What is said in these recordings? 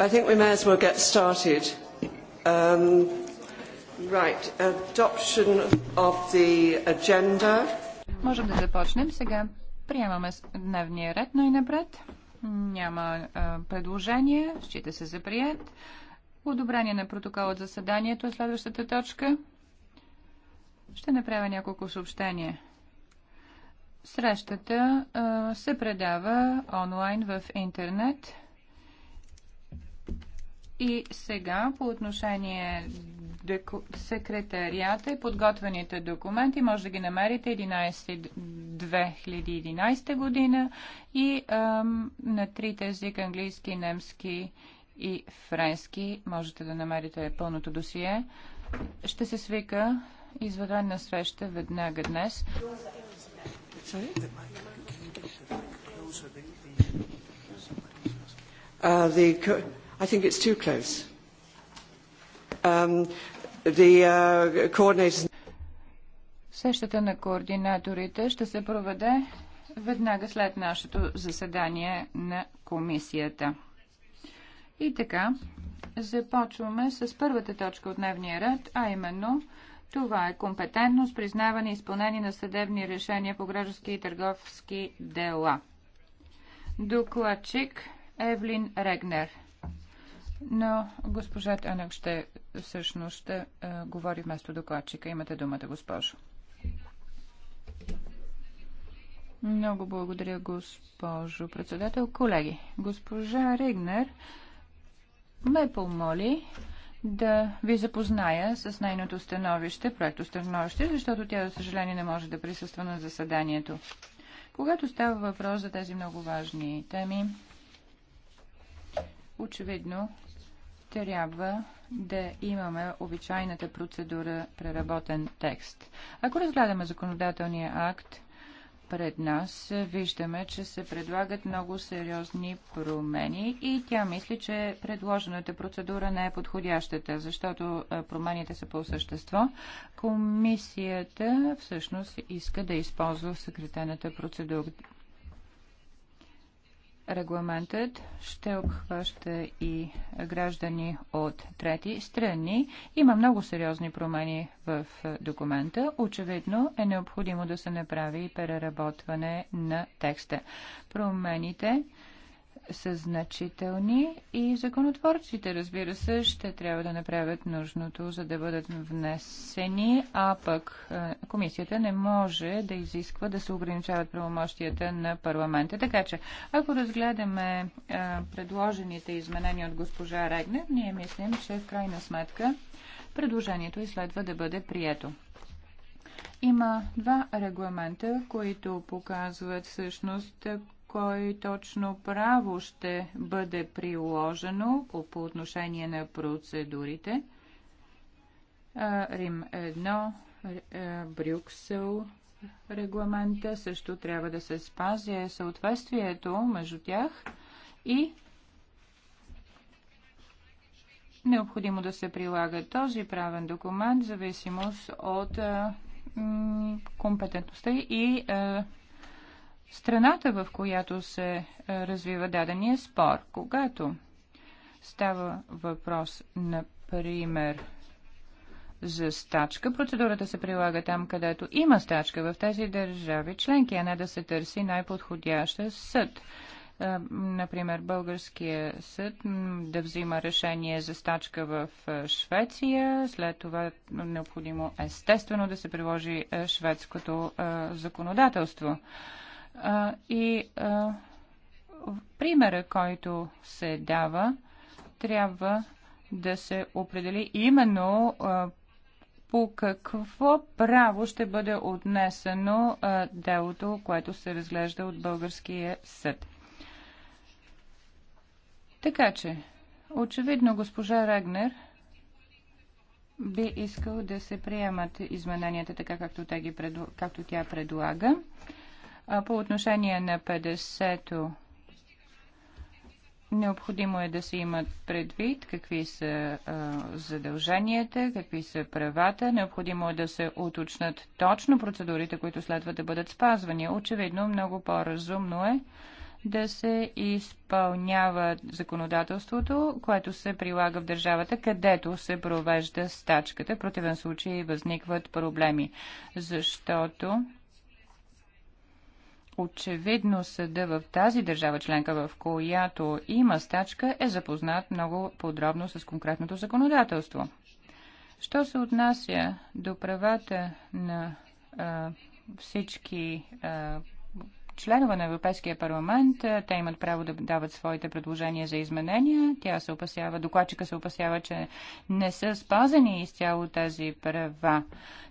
I think we may as well get started. Um, right, adoption of the agenda. Можем да започнем сега. Приемаме дневния ред най-напред. Няма а, предложение. Счита се за прият. Одобрение на протоколът за съданието е следващата точка. Ще направя няколко съобщения. Срещата а, се предава онлайн в интернет – и сега по отношение секретарията и подготвените документи може да ги намерите 11-2011 година и ам, на трите език английски, немски и френски можете да намерите пълното досие. Ще се свика извънредна среща веднага днес. Uh, the I think it's too close. Um, the uh, coordinators... Сещата на координаторите ще се проведе веднага след нашето заседание на комисията. И така, започваме с първата точка от дневния ред, а именно това е компетентност, признаване и изпълнение на съдебни решения по граждански и търговски дела. Докладчик Евлин Регнер. Но госпожа Танък ще всъщност ще а, говори вместо докладчика. Имате думата, госпожо. Много благодаря, госпожо председател. Колеги, госпожа Ригнер ме помоли да ви запозная с нейното становище, проекто становище, защото тя, за съжаление, не може да присъства на заседанието. Когато става въпрос за тези много важни теми, очевидно трябва да имаме обичайната процедура преработен текст. Ако разгледаме законодателния акт пред нас, виждаме, че се предлагат много сериозни промени и тя мисли, че предложената процедура не е подходящата, защото промените са по същество. Комисията всъщност иска да използва съкретената процедура регламентът ще обхваща и граждани от трети страни. Има много сериозни промени в документа. Очевидно е необходимо да се направи и преработване на текста. Промените са значителни и законотворците, разбира се, ще трябва да направят нужното, за да бъдат внесени, а пък е, комисията не може да изисква да се ограничават правомощията на парламента. Така че, ако разгледаме е, предложените изменения от госпожа Регнер, ние мислим, че в крайна сметка предложението и следва да бъде прието. Има два регламента, които показват всъщност кой точно право ще бъде приложено по отношение на процедурите. Рим 1, Брюксел, регламента също трябва да се спази съответствието между тях и необходимо да се прилага този правен документ в зависимост от компетентността и страната, в която се е, развива дадения спор. Когато става въпрос, например, за стачка. Процедурата се прилага там, където има стачка в тези държави членки, а не да се търси най-подходяща съд. Е, например, българския съд да взима решение за стачка в е, Швеция, след това необходимо естествено да се приложи шведското законодателство. А, и а, примера, който се дава, трябва да се определи именно а, по какво право ще бъде отнесено а, делото, което се разглежда от българския съд. Така че, очевидно госпожа Регнер, би искал да се приемат измененията така, както, те ги предл... както тя предлага. По отношение на 50-то, необходимо е да се имат предвид какви са задълженията, какви са правата. Необходимо е да се уточнат точно процедурите, които следва да бъдат спазвани. Очевидно, много по-разумно е да се изпълнява законодателството, което се прилага в държавата, където се провежда стачката. В противен случай възникват проблеми, защото Очевидно съда в тази държава членка, в която има стачка, е запознат много подробно с конкретното законодателство. Що се отнася до правата на а, всички а, членове на Европейския парламент. Те имат право да дават своите предложения за изменения. Тя се опасява, докладчика се опасява, че не са спазени изцяло тези права.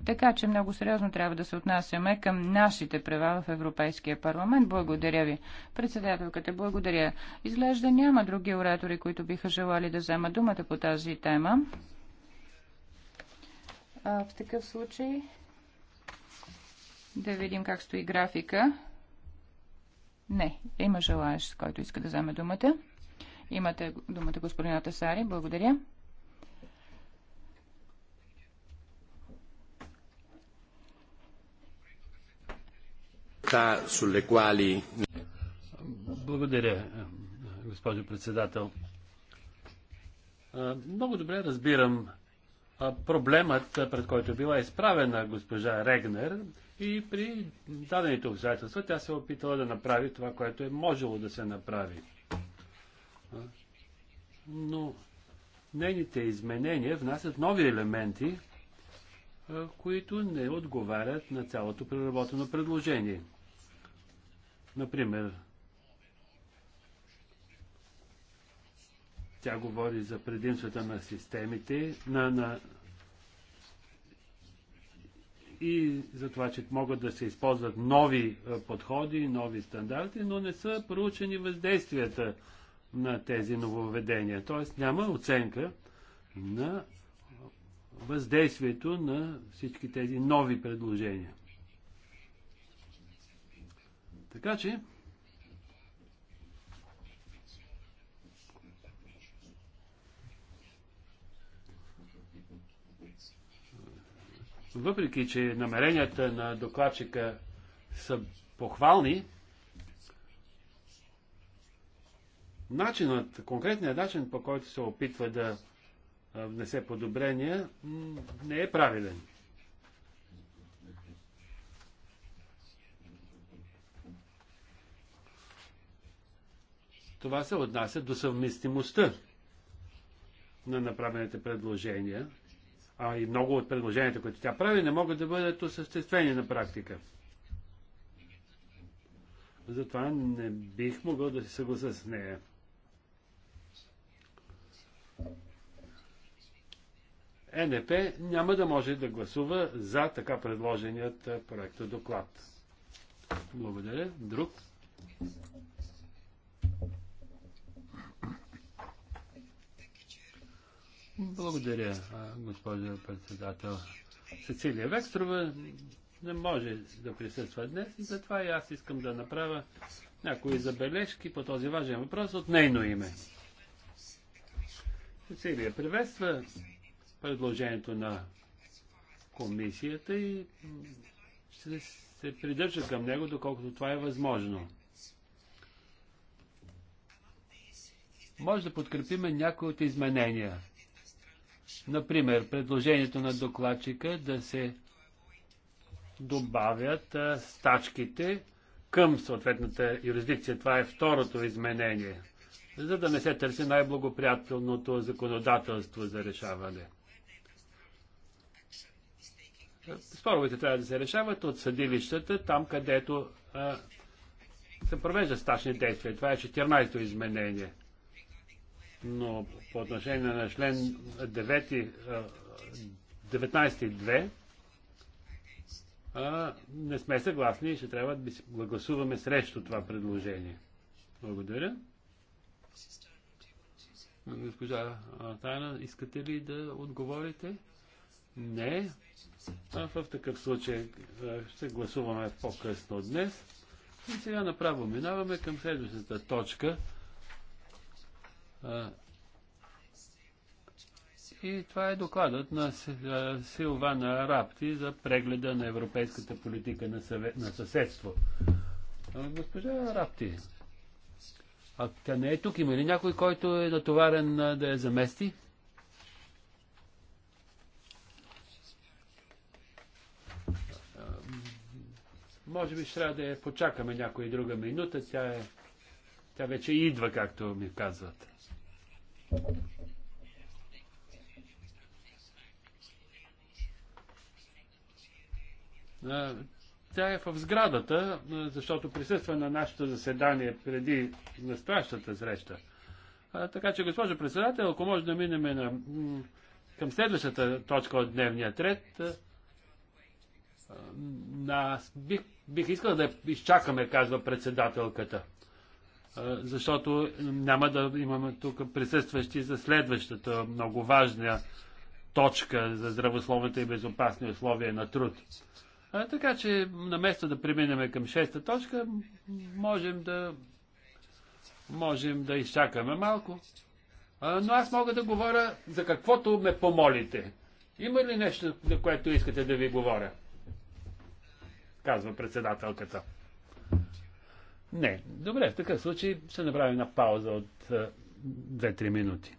Така че много сериозно трябва да се отнасяме към нашите права в Европейския парламент. Благодаря ви. Председателката, благодаря. Изглежда няма други оратори, които биха желали да вземат думата по тази тема. А, в такъв случай да видим как стои графика. Не. Има желаящ, който иска да вземе думата. Имате думата господин Атасари. Благодаря. Благодаря, госпожо председател. Много добре разбирам проблемът, пред който е била изправена госпожа Регнер. И при дадените обстоятелства тя се е опитала да направи това, което е можело да се направи. Но нейните изменения внасят нови елементи, които не отговарят на цялото преработено предложение. Например, тя говори за предимствата на системите, на, на и за това, че могат да се използват нови подходи, нови стандарти, но не са проучени въздействията на тези нововведения. Тоест няма оценка на въздействието на всички тези нови предложения. Така че, въпреки че намеренията на докладчика са похвални, начинът, конкретният начин, по който се опитва да внесе подобрения, не е правилен. Това се отнася до съвместимостта на направените предложения – а и много от предложенията, които тя прави, не могат да бъдат осъществени на практика. Затова не бих могъл да се съглася с нея. Е, НП няма да може да гласува за така предложеният проект доклад. Благодаря. Друг? Благодаря, госпожо председател. Сецилия Векстрова не може да присъства днес и затова и аз искам да направя някои забележки по този важен въпрос от нейно име. Сецилия приветства предложението на комисията и ще се придържа към него, доколкото това е възможно. Може да подкрепиме някои от изменения. Например, предложението на докладчика да се добавят а, стачките към съответната юрисдикция. Това е второто изменение, за да не се търси най-благоприятелното законодателство за решаване. Споровете трябва да се решават от съдилищата, там където а, се провежда стачни действия. Това е 14-то изменение но по отношение на член 19.2 не сме съгласни и ще трябва да гласуваме срещу това предложение. Благодаря. Госпожа Тайна, искате ли да отговорите? Не. А в такъв случай ще гласуваме по-късно днес. И сега направо минаваме към следващата точка. И това е докладът на Силвана Рапти за прегледа на европейската политика на, съвет, на съседство. Госпожа Рапти, а тя не е тук. Има ли някой, който е натоварен да я замести? Може би ще трябва да я почакаме някоя друга минута. Тя е тя вече идва, както ми казват. Тя е в сградата, защото присъства на нашето заседание преди настоящата среща. А, така че, госпожо председател, ако може да минем на, към следващата точка от дневния ред, а, бих, бих искал да изчакаме, казва председателката защото няма да имаме тук присъстващи за следващата много важна точка за здравословните и безопасни условия на труд. А, така че, наместо да преминем към шеста точка, можем да, можем да изчакаме малко. А, но аз мога да говоря за каквото ме помолите. Има ли нещо, за което искате да ви говоря? Казва председателката. Не. Добре, в такъв случай ще направим една пауза от 2-3 е, минути.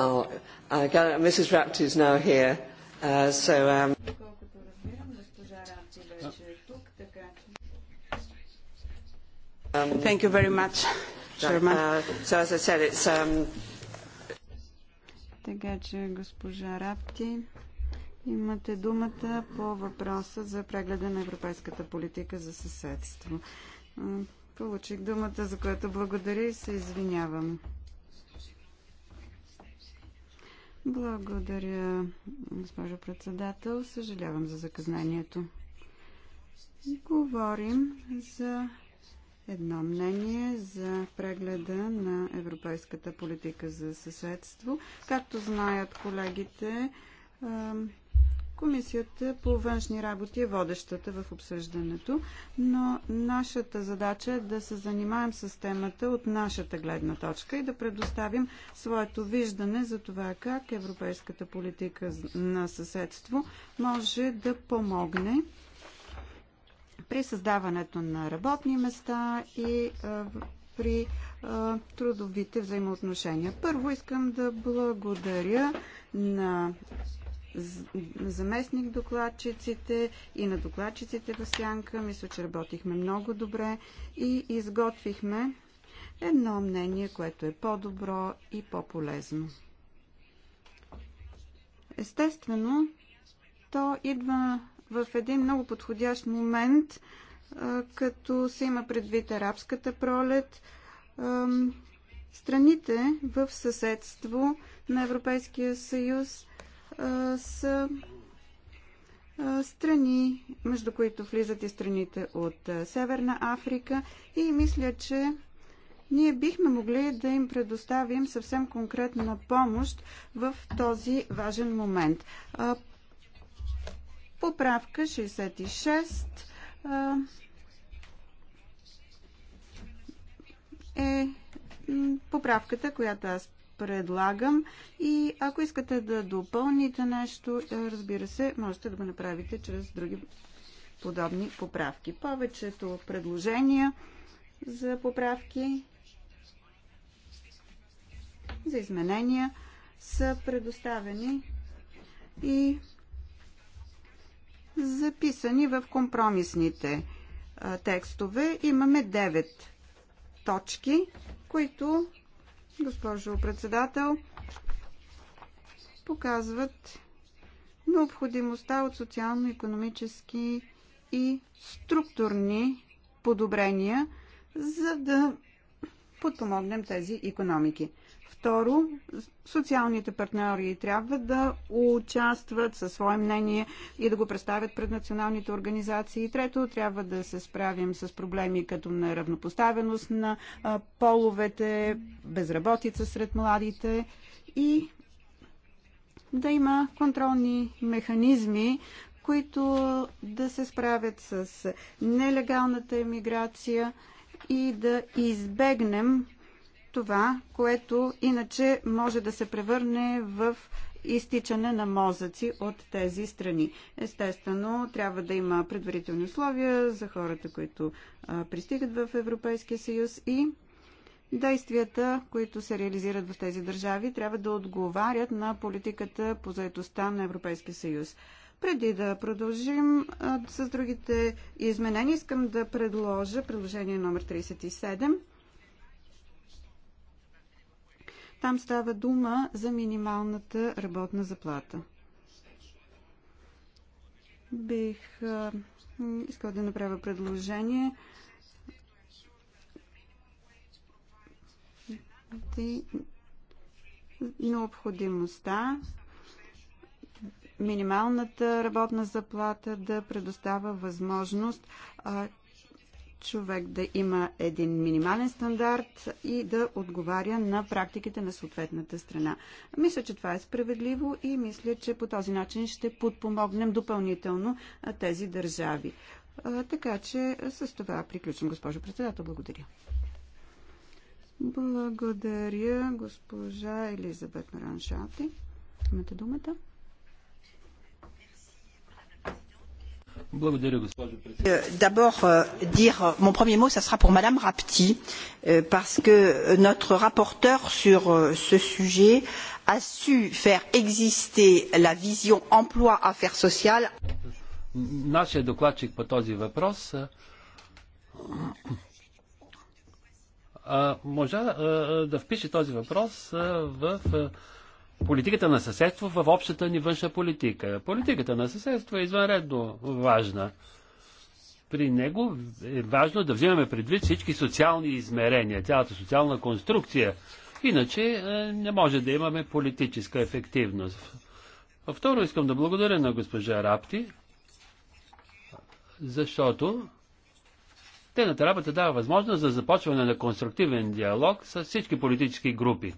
Oh, I Mrs. Rapti is now here, uh, so... Um... Um, Thank you very much, Chairman. Uh, so as I said, it's... Um... Така че, госпожа Рапти, имате думата по въпроса за прегледа на европейската политика за съседство. Получих думата, за което благодаря и се извинявам. Благодаря, госпожо председател. Съжалявам за заказанието. Говорим за едно мнение за прегледа на европейската политика за съседство. Както знаят колегите, Комисията по външни работи е водещата в обсъждането, но нашата задача е да се занимаем с темата от нашата гледна точка и да предоставим своето виждане за това как европейската политика на съседство може да помогне при създаването на работни места и при а, трудовите взаимоотношения. Първо искам да благодаря на заместник докладчиците и на докладчиците в Сянка. Мисля, че работихме много добре и изготвихме едно мнение, което е по-добро и по-полезно. Естествено, то идва в един много подходящ момент, като се има предвид арабската пролет, страните в съседство на Европейския съюз са страни, между които влизат и страните от Северна Африка и мисля, че ние бихме могли да им предоставим съвсем конкретна помощ в този важен момент. Поправка 66 е поправката, която аз предлагам и ако искате да допълните нещо, е, разбира се, можете да го направите чрез други подобни поправки. Повечето предложения за поправки, за изменения са предоставени и записани в компромисните текстове. Имаме 9 точки, които госпожо председател, показват необходимостта от социално-економически и структурни подобрения, за да подпомогнем тези економики. Второ, социалните партньори трябва да участват със свое мнение и да го представят пред националните организации. Трето, трябва да се справим с проблеми като неравнопоставеност на половете, безработица сред младите и да има контролни механизми, които да се справят с нелегалната емиграция и да избегнем това, което иначе може да се превърне в изтичане на мозъци от тези страни. Естествено, трябва да има предварителни условия за хората, които а, пристигат в Европейския съюз и действията, които се реализират в тези държави, трябва да отговарят на политиката по заедостта на Европейския съюз. Преди да продължим а, с другите изменения, искам да предложа приложение номер 37 там става дума за минималната работна заплата. Бих искал да направя предложение да необходимостта минималната работна заплата да предоставя възможност а, човек да има един минимален стандарт и да отговаря на практиките на съответната страна. Мисля, че това е справедливо и мисля, че по този начин ще подпомогнем допълнително тези държави. Така че с това приключвам, госпожо председател. Благодаря. Благодаря, госпожа Елизабет Нараншати. Имате думата. D'abord, dire mon premier mot, ça sera pour Madame Rapti, parce que notre rapporteur sur ce sujet a su faire exister la vision emploi affaires sociales. Нашия докладчик по този въпрос можа да впише този въпрос в политиката на съседство в общата ни външна политика. Политиката на съседство е извънредно важна. При него е важно да взимаме предвид всички социални измерения, цялата социална конструкция. Иначе е, не може да имаме политическа ефективност. Второ, искам да благодаря на госпожа Рапти, защото тената работа дава възможност за започване на конструктивен диалог с всички политически групи.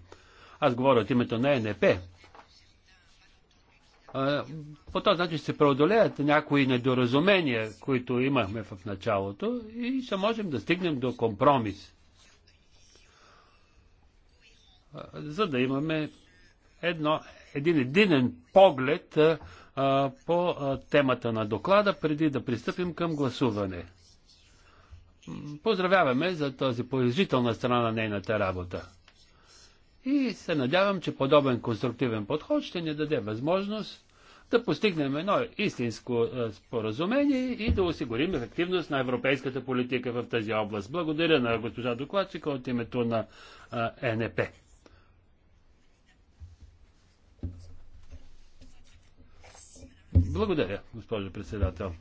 Аз говоря от името на ЕНП. По този начин се преодолеят някои недоразумения, които имахме в началото и ще можем да стигнем до компромис. За да имаме едно, един единен поглед а, по а, темата на доклада, преди да пристъпим към гласуване. Поздравяваме за този положителна страна на нейната работа. И се надявам, че подобен конструктивен подход ще ни даде възможност да постигнем едно истинско е, споразумение и да осигурим ефективност на европейската политика в тази област. Благодаря на госпожа докладчика от името на ЕНП. Благодаря, госпожо председател.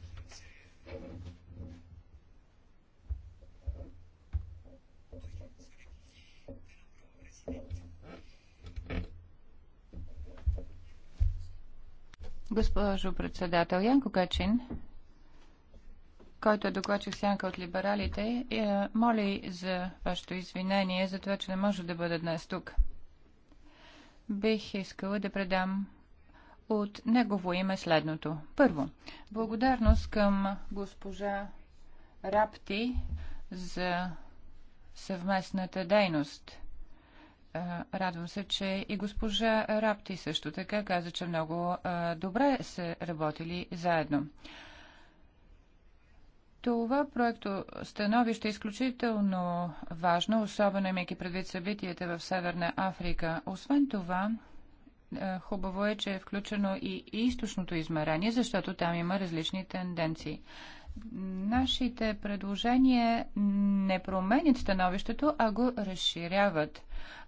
Госпожо председател, Янко Качин, който е докладчик сянка от либералите, е, моли за вашето извинение за това, че не може да бъде днес тук. Бих искала да предам от негово име следното. Първо, благодарност към госпожа Рапти за съвместната дейност – Радвам се, че и госпожа Рапти също така каза, че много добре са работили заедно. Това проекто становище е изключително важно, особено имайки предвид събитията в Северна Африка. Освен това, хубаво е, че е включено и източното измерение, защото там има различни тенденции. Нашите предложения не променят становището, а го разширяват.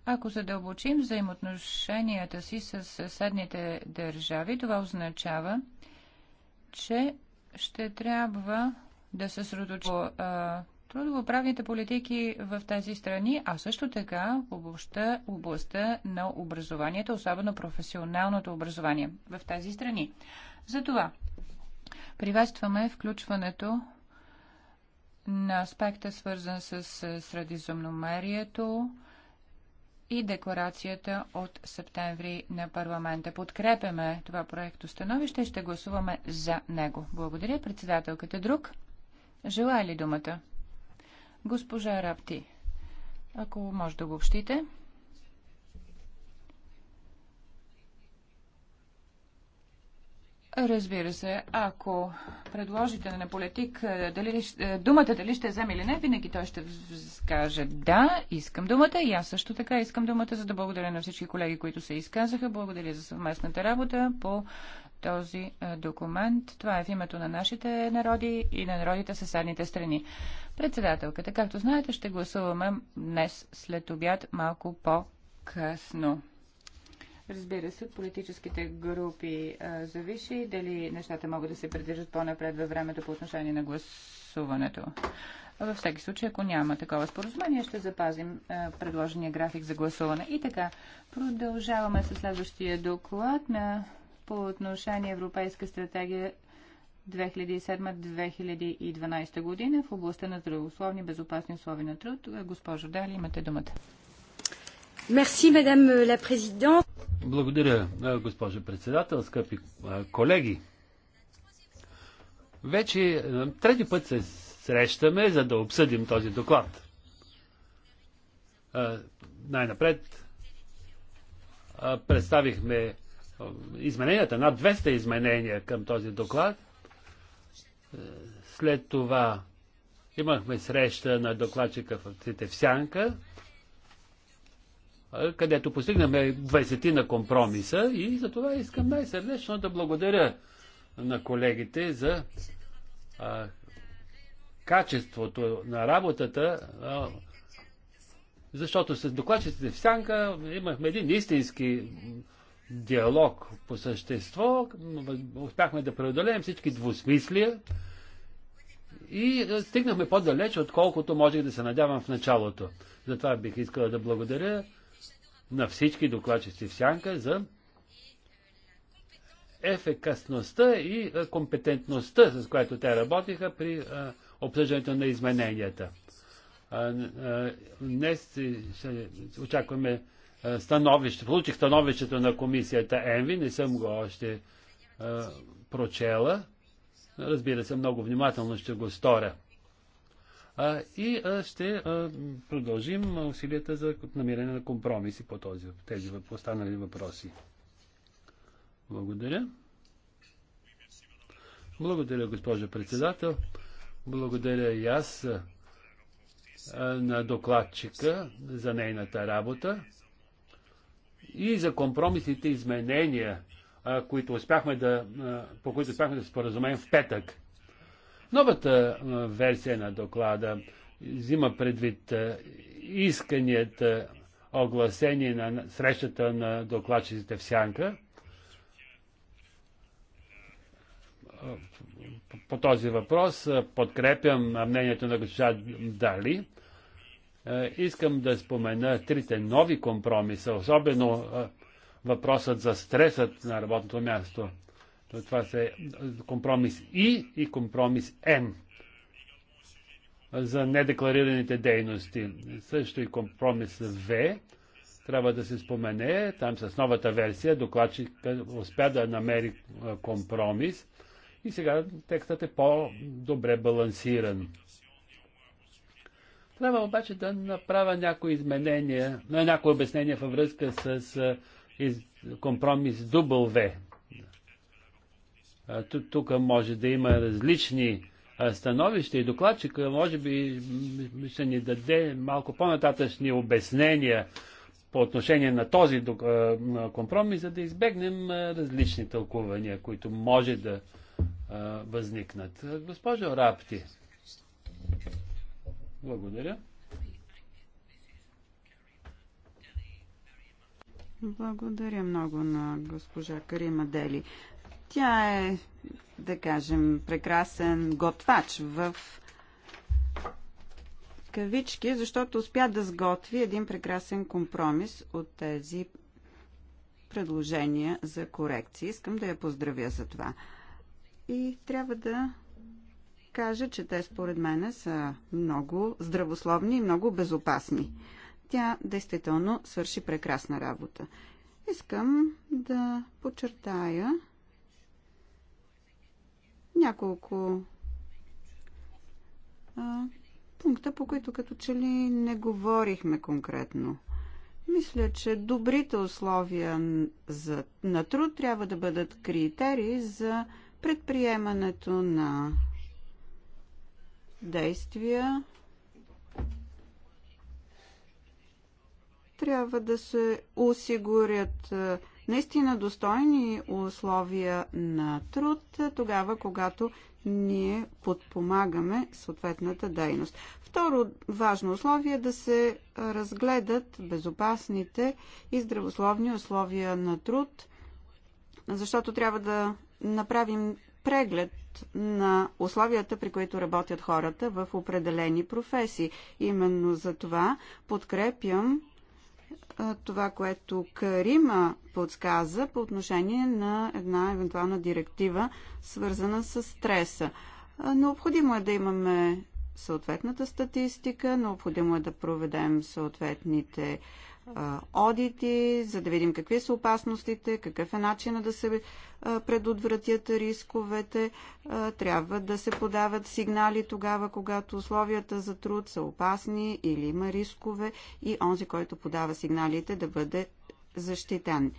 Ако задълбочим взаимоотношенията си с съседните държави, това означава, че ще трябва да се средочим трудовоправните политики в тези страни, а също така в областта, областта на образованието, особено професионалното образование в тези страни. Затова Приветстваме включването на аспекта, свързан с е, Средиземноморието и декларацията от септември на парламента. Подкрепяме това проекто становище и ще гласуваме за него. Благодаря. Председателката друг. Желая ли думата? Госпожа Рапти, ако може да го общите. Разбира се, ако предложите на политик е, дали, е, думата дали ще вземе или не, винаги той ще каже да, искам думата и аз също така искам думата, за да благодаря на всички колеги, които се изказаха. Благодаря за съвместната работа по този е, документ. Това е в името на нашите народи и на народите съседните страни. Председателката, както знаете, ще гласуваме днес след обяд малко по-късно. Разбира се, от политическите групи а, зависи дали нещата могат да се придържат по-напред във времето по отношение на гласуването. Във всеки случай, ако няма такова споразумение, ще запазим а, предложения график за гласуване. И така, продължаваме с следващия доклад на по отношение Европейска стратегия 2007-2012 година в областта на здравословни и безопасни условия на труд. Госпожо Дали, имате думата. Merci, Madame la Présidente. Благодаря, госпожо председател, скъпи колеги. Вече трети път се срещаме, за да обсъдим този доклад. Най-напред представихме измененията, над 200 изменения към този доклад. След това имахме среща на докладчика в Цитевсянка, където постигнахме 20 ти на компромиса и за това искам най-сърдечно да благодаря на колегите за а, качеството на работата, а, защото с докладчиците в Сянка имахме един истински диалог по същество, успяхме да преодолеем всички двусмислия и стигнахме по-далеч, отколкото можех да се надявам в началото. Затова бих искала да благодаря на всички докладчици в сянка за ефекасността и компетентността, с която те работиха при обсъждането на измененията. Днес очакваме становище. Получих становището на комисията Енви, не съм го още прочела. Разбира се, много внимателно ще го сторя и ще продължим усилията за намиране на компромиси по този, тези останали въпроси. Благодаря. Благодаря, госпожо председател. Благодаря и аз на докладчика за нейната работа и за компромисните изменения, които успяхме да, по които успяхме да споразумеем в петък. Новата версия на доклада взима предвид исканията, огласени на срещата на докладчиците в Сянка по този въпрос. Подкрепям мнението на госпожа Дали. Искам да спомена трите нови компромиса, особено въпросът за стресът на работното място – е, това са е, компромис И и компромис М за недекларираните дейности. Също и компромис В трябва да се спомене. Там с новата версия докладчик успя да намери е, компромис и сега текстът е по-добре балансиран. Трябва обаче да направя някои изменения, някои обяснения във връзка с компромис W. Тук може да има различни становища и докладчика може би ще ни даде малко по-нататъчни обяснения по отношение на този компромис, за да избегнем различни тълкувания, които може да възникнат. Госпожо Рапти, благодаря. Благодаря много на госпожа Карима Дели. Тя е, да кажем, прекрасен готвач в кавички, защото успя да сготви един прекрасен компромис от тези предложения за корекции. Искам да я поздравя за това. И трябва да кажа, че те според мене са много здравословни и много безопасни. Тя действително свърши прекрасна работа. Искам да подчертая, няколко а, пункта, по които като че ли не говорихме конкретно. Мисля, че добрите условия за, на труд трябва да бъдат критерии за предприемането на действия. Трябва да се осигурят наистина достойни условия на труд, тогава когато ние подпомагаме съответната дейност. Второ важно условие е да се разгледат безопасните и здравословни условия на труд, защото трябва да направим преглед на условията, при които работят хората в определени професии. Именно за това подкрепям това, което Карима подсказа по отношение на една евентуална директива, свързана с стреса. Необходимо е да имаме съответната статистика, необходимо е да проведем съответните одити, за да видим какви са опасностите, какъв е начина да се предотвратят рисковете. Трябва да се подават сигнали тогава, когато условията за труд са опасни или има рискове и онзи, който подава сигналите, да бъде защитен.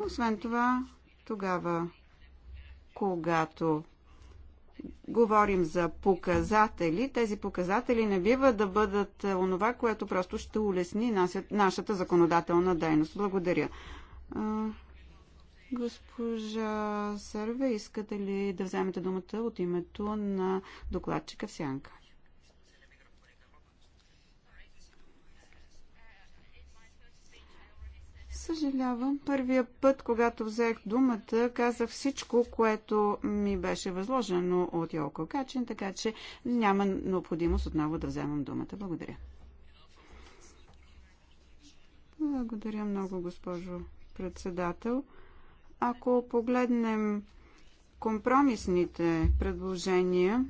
Освен това, тогава, когато говорим за показатели, тези показатели не бива да бъдат е, онова, което просто ще улесни нашата законодателна дейност. Благодаря. Госпожа Сърве, искате ли да вземете думата от името на докладчика в Сянка? Съжалявам. Първия път, когато взех думата, казах всичко, което ми беше възложено от Йоко Качин, така че няма необходимост отново да вземам думата. Благодаря. Благодаря много, госпожо председател. Ако погледнем компромисните предложения,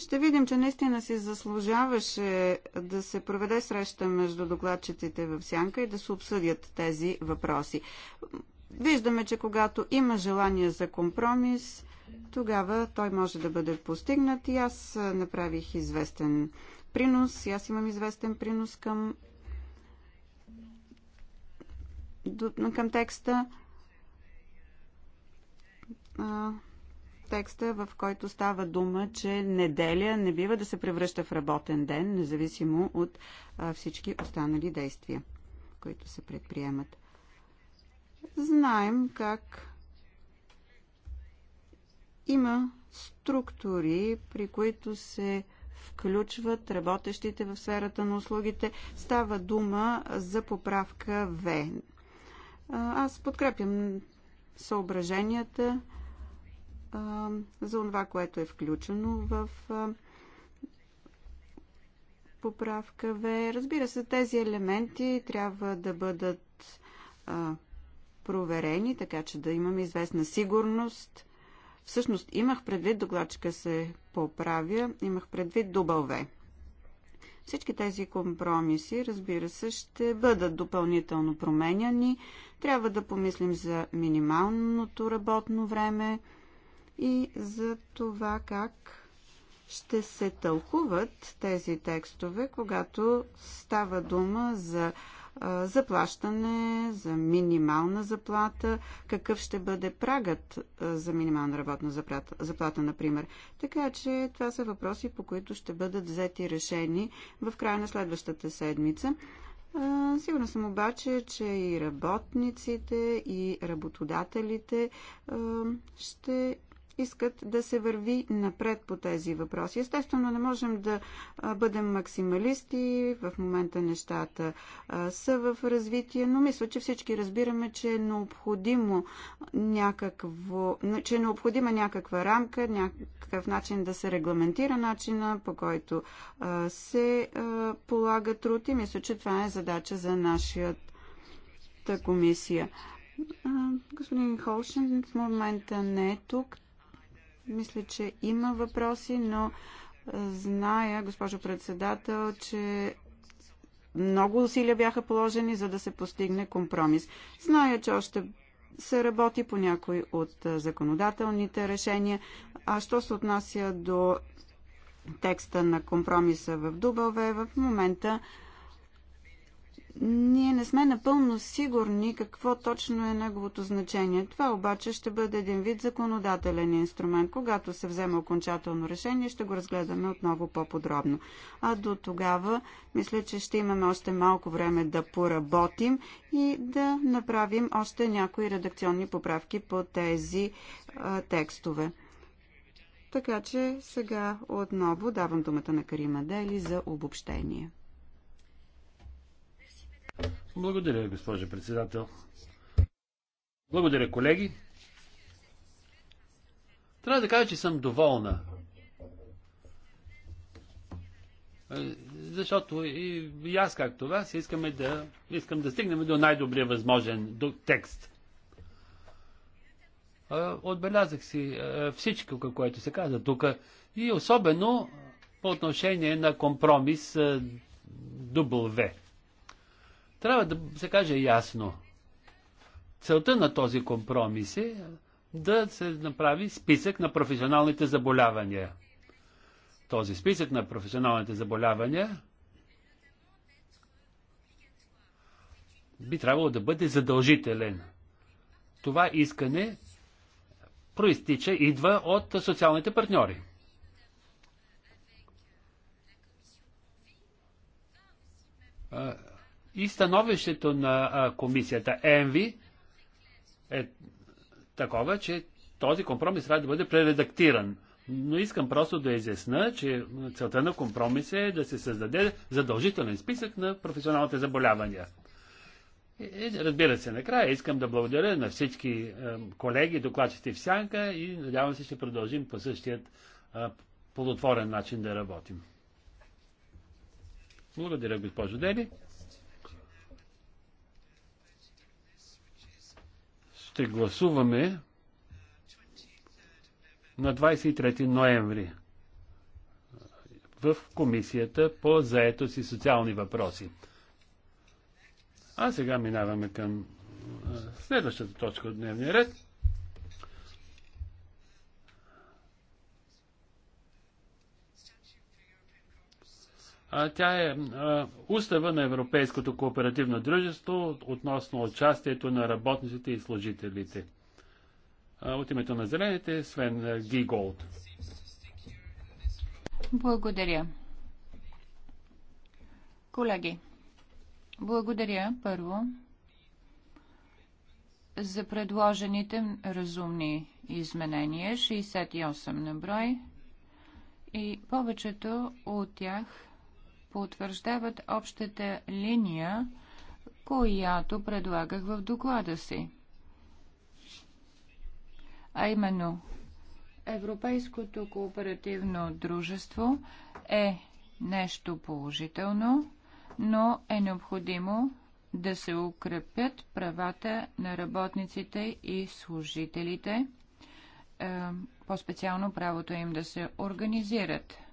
ще видим, че наистина си заслужаваше да се проведе среща между докладчиците в Сянка и да се обсъдят тези въпроси. Виждаме, че когато има желание за компромис, тогава той може да бъде постигнат и аз направих известен принос, и аз имам известен принос към, към текста текста, в който става дума, че неделя не бива да се превръща в работен ден, независимо от всички останали действия, които се предприемат. Знаем как има структури, при които се включват работещите в сферата на услугите. Става дума за поправка В. Аз подкрепям съображенията за това, което е включено в поправка В. Разбира се, тези елементи трябва да бъдат проверени, така че да имаме известна сигурност. Всъщност имах предвид, докладчика се поправя, имах предвид дубъл В. Всички тези компромиси, разбира се, ще бъдат допълнително променяни. Трябва да помислим за минималното работно време, и за това как ще се тълкуват тези текстове, когато става дума за заплащане, за минимална заплата, какъв ще бъде прагът за минимална работна заплата, заплата, например. Така че това са въпроси, по които ще бъдат взети решени в края на следващата седмица. Сигурна съм обаче, че и работниците, и работодателите ще искат да се върви напред по тези въпроси. Естествено, не можем да бъдем максималисти. В момента нещата са в развитие, но мисля, че всички разбираме, че е необходимо някакво, че е необходима някаква рамка, някакъв начин да се регламентира начина, по който се полага труд и мисля, че това е задача за нашата комисия. Господин Холшен в момента не е тук. Мисля, че има въпроси, но зная, госпожо председател, че много усилия бяха положени, за да се постигне компромис. Зная, че още се работи по някои от законодателните решения. А що се отнася до текста на компромиса в Дубълве, в момента ние не сме напълно сигурни какво точно е неговото значение. Това обаче ще бъде един вид законодателен инструмент. Когато се вземе окончателно решение, ще го разгледаме отново по-подробно. А до тогава, мисля, че ще имаме още малко време да поработим и да направим още някои редакционни поправки по тези а, текстове. Така че сега отново давам думата на Карима Дели за обобщение. Благодаря, госпожо председател. Благодаря, колеги. Трябва да кажа, че съм доволна. Е, защото и, аз, както вас, искаме да, искам да стигнем до най-добрия възможен до текст. Е, отбелязах си е, всичко, което се каза тук. И особено по отношение на компромис W. Трябва да се каже ясно. Целта на този компромис е да се направи списък на професионалните заболявания. Този списък на професионалните заболявания би трябвало да бъде задължителен. Това искане проистича, идва от социалните партньори. И становището на комисията ЕНВИ е такова, че този компромис трябва да бъде прередактиран. Но искам просто да изясна, че целта на компромиса е да се създаде задължителен списък на професионалните заболявания. И, разбира се, накрая искам да благодаря на всички е, колеги, докладчици в Сянка и надявам се, ще продължим по същият е, плодотворен начин да работим. Благодаря, госпожо Дели. ще гласуваме на 23 ноември в Комисията по заетост и социални въпроси. А сега минаваме към следващата точка от дневния ред. Тя е устава на Европейското кооперативно дружество относно участието на работниците и служителите. От името на зелените Свен Гиголд. Благодаря. Колеги, благодаря първо за предложените разумни изменения, 68 на брой, и повечето от тях потвърждават общата линия, която предлагах в доклада си. А именно, Европейското кооперативно дружество е нещо положително, но е необходимо да се укрепят правата на работниците и служителите, е, по-специално правото им да се организират –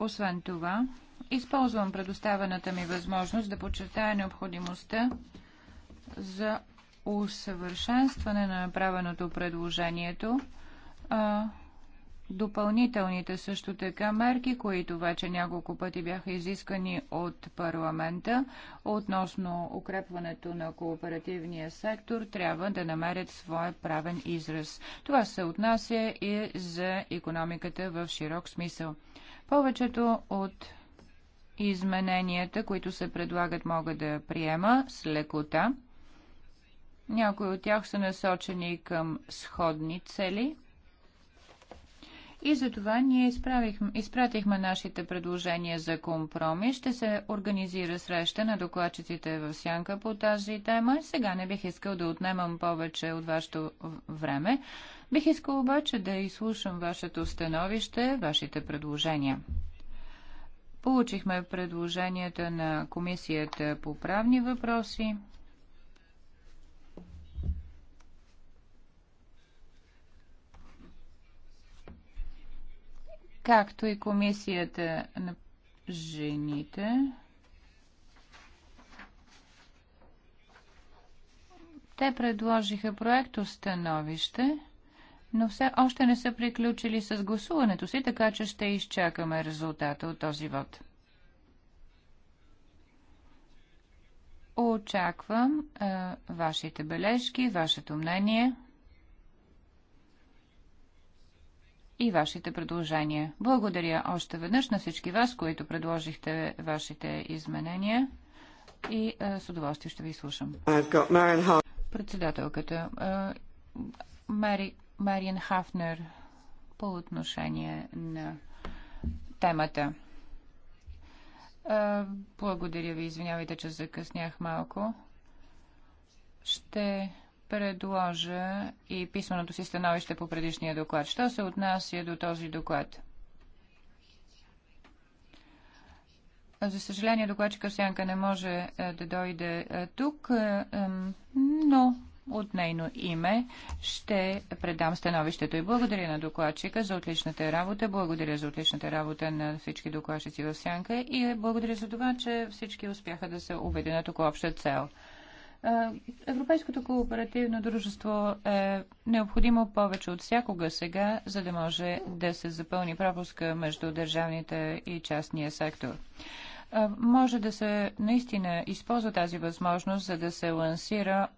освен това, използвам предоставената ми възможност да подчертая необходимостта за усъвършенстване на направеното предложението, допълнителните също така мерки, които вече няколко пъти бяха изискани от парламента относно укрепването на кооперативния сектор, трябва да намерят своя правен израз. Това се отнася и за економиката в широк смисъл. Повечето от измененията, които се предлагат, могат да приема с лекота. Някои от тях са насочени към сходни цели – и затова ние изпратихме нашите предложения за компромис. Ще се организира среща на докладчиците в Сянка по тази тема. Сега не бих искал да отнемам повече от вашето време. Бих искал обаче да изслушам вашето становище, вашите предложения. Получихме предложенията на Комисията по правни въпроси, както и комисията на жените. Те предложиха проекто становище, но все още не са приключили с гласуването си, така че ще изчакаме резултата от този вод. Очаквам е, вашите бележки, вашето мнение. и вашите предложения. Благодаря още веднъж на всички вас, които предложихте вашите изменения и е, с удоволствие ще ви слушам. Председателката е, Мари, Мариан Хафнер по отношение на темата. Е, благодаря ви, извинявайте, че закъснях малко. Ще предложа и писменото си становище по предишния доклад. Що се отнася до този доклад? За съжаление, докладчика Сянка не може е, да дойде е, тук, е, но от нейно име ще предам становището и благодаря на докладчика за отличната работа, благодаря за отличната работа на всички докладчици в Сянка и благодаря за това, че всички успяха да се уведенат около обща цел. Е, Европейското кооперативно дружество е необходимо повече от всякога сега, за да може да се запълни пропуска между държавните и частния сектор е, може да се наистина използва тази възможност, за да се лансира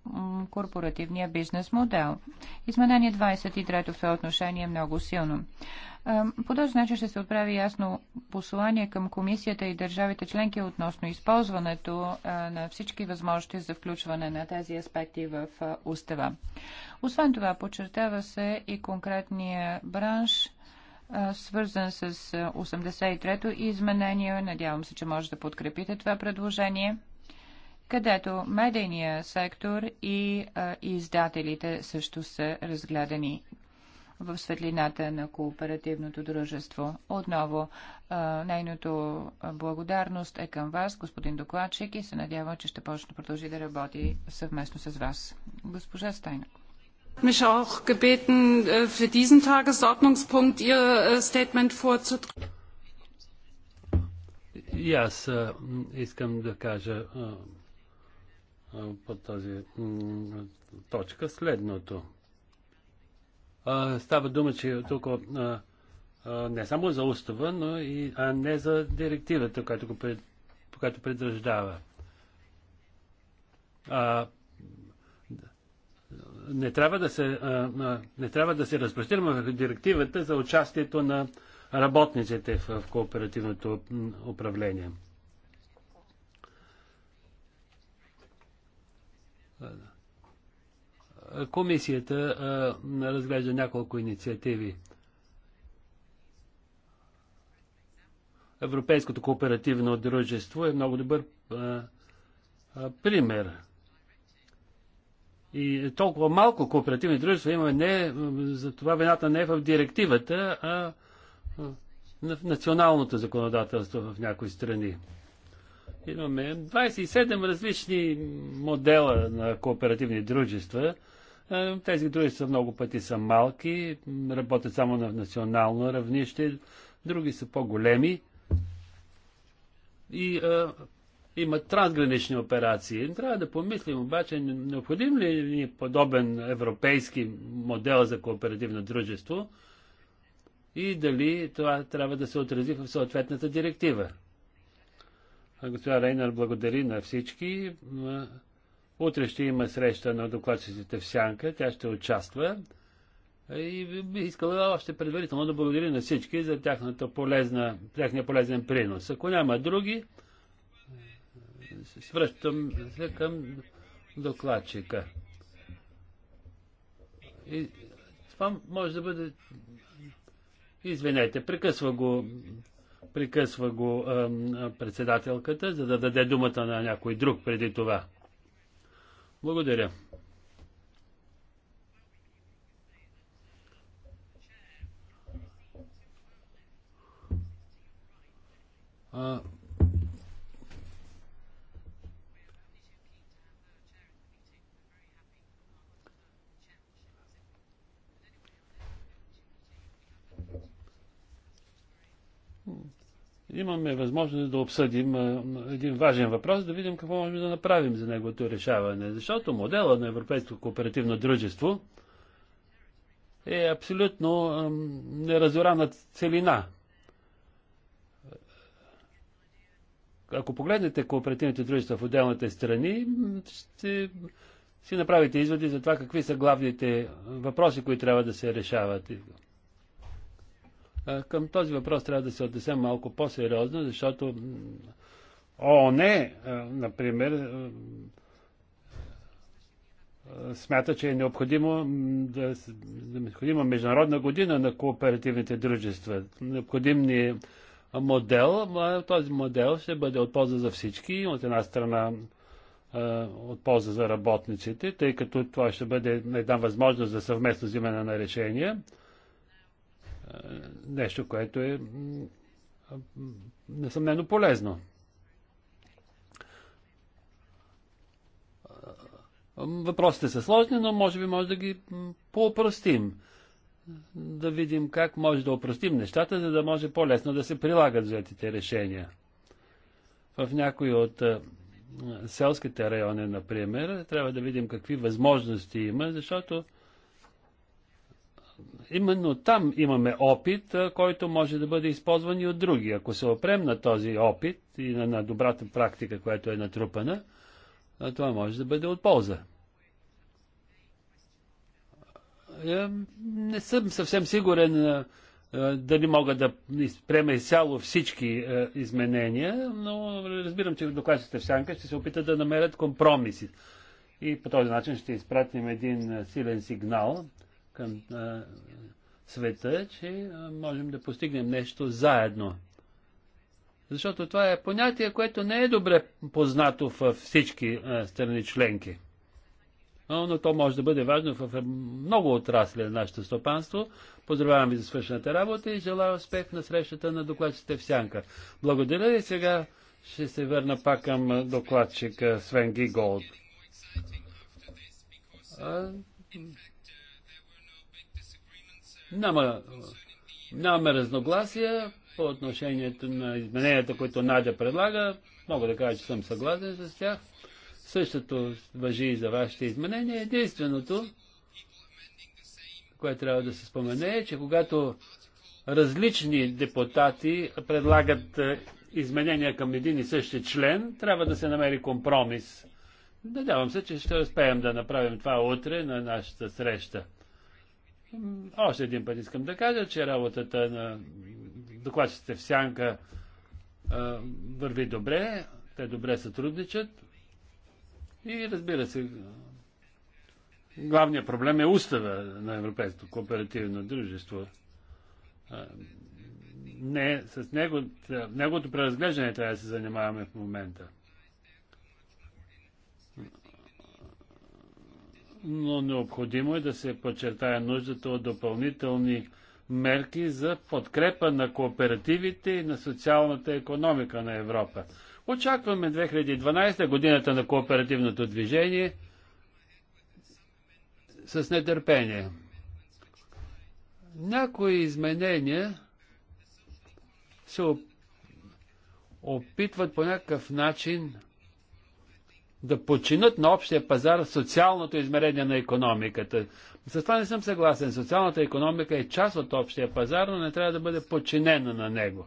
корпоративния бизнес модел. Изменение 23 в това отношение е много силно. Е, по този начин ще се отправи ясно послание към комисията и държавите членки относно използването е, на всички възможности за включване на тези аспекти в е, устава. Освен това, подчертава се и конкретния бранш, свързан с 83-то изменение. Надявам се, че може да подкрепите това предложение където медийния сектор и а, издателите също са разгледани в светлината на кооперативното дружество. Отново, нейното благодарност е към вас, господин докладчик, и се надявам, че ще почне да продължи да работи съвместно с вас. Госпожа Стайна. Mich auch gebeten, äh, für diesen Tagesordnungspunkt Ihr äh, Statement vorzutragen. И аз искам да кажа по тази точка следното а, става дума, че тук а, а, не само за устава, но и а не за директивата, която, го пред, която предръждава. А, не трябва да се, а, не трябва да се разпростираме в директивата за участието на работниците в, в кооперативното управление. Да комисията разглежда няколко инициативи. Европейското кооперативно дружество е много добър а, а, пример. И толкова малко кооперативни дружества имаме не, за това вината не е в директивата, а в националното законодателство в някои страни. Имаме 27 различни модела на кооперативни дружества – е, тези дружества много пъти са малки, работят само на национално равнище, други са по-големи и а, е, имат трансгранични операции. Трябва да помислим обаче, необходим ли ни е подобен европейски модел за кооперативно дружество и дали това трябва да се отрази в съответната директива. Госпожа Рейнар благодари на всички. Е, Утре ще има среща на докладчиците в Сянка, тя ще участва. И бих искала още предварително да благодаря на всички за тяхната полезна, тяхния полезен принос. Ако няма други, свръщам се към докладчика. И това може да бъде... Извинете, прекъсва го, прекъсва го ам, председателката, за да даде думата на някой друг преди това. Благодаря. А, имаме възможност да обсъдим един важен въпрос, да видим какво можем да направим за неговото решаване. Защото модела на Европейското кооперативно дружество е абсолютно неразорана целина. Ако погледнете кооперативните дружества в отделните страни, ще си направите изводи за това какви са главните въпроси, които трябва да се решават. Към този въпрос трябва да се отнесем малко по-сериозно, защото ООН, е, например, е, е, смята, че е необходимо да, необходимо международна година на кооперативните дружества. Необходим ни е модел. Този модел ще бъде от полза за всички. От една страна от полза за работниците, тъй като това ще бъде една възможност за съвместно взимане на решения нещо, което е несъмнено полезно. Въпросите са сложни, но може би може да ги поопростим. Да видим как може да опростим нещата, за да може по-лесно да се прилагат взетите решения. В някои от е, селските райони, например, трябва да видим какви възможности има, защото именно там имаме опит, който може да бъде използван и от други. Ако се опрем на този опит и на, на добрата практика, която е натрупана, това може да бъде от полза. Е, не съм съвсем сигурен дали мога да приема изцяло всички изменения, но разбирам, че докладчите в Сянка ще се опитат да намерят компромиси. И по този начин ще изпратим един силен сигнал към а, света, че а, можем да постигнем нещо заедно. Защото това е понятие, което не е добре познато във всички а, страни членки. Но, но то може да бъде важно в много отрасли на нашето стопанство. Поздравявам ви за свършената работа и желая успех на срещата на докладчите в Сянка. Благодаря и сега ще се върна пак към докладчика Свен Голд. Няма, нямаме разногласия по отношението на измененията, които Надя предлага. Мога да кажа, че съм съгласен с тях. Същото въжи и за вашите изменения. Единственото, което трябва да се спомене, е, че когато различни депутати предлагат е, изменения към един и същи член, трябва да се намери компромис. Надявам се, че ще успеем да направим това утре на нашата среща. Още един път искам да кажа, че работата на докладчиците в Сянка върви добре, те добре сътрудничат и разбира се, главният проблем е устава на Европейското кооперативно дружество. Не, с него, неговото преразглеждане трябва да се занимаваме в момента. но необходимо е да се подчертая нуждата от допълнителни мерки за подкрепа на кооперативите и на социалната економика на Европа. Очакваме 2012 годината на кооперативното движение с нетърпение. Някои изменения се опитват по някакъв начин да починат на общия пазар социалното измерение на економиката. С това не съм съгласен. Социалната економика е част от общия пазар, но не трябва да бъде подчинена на него.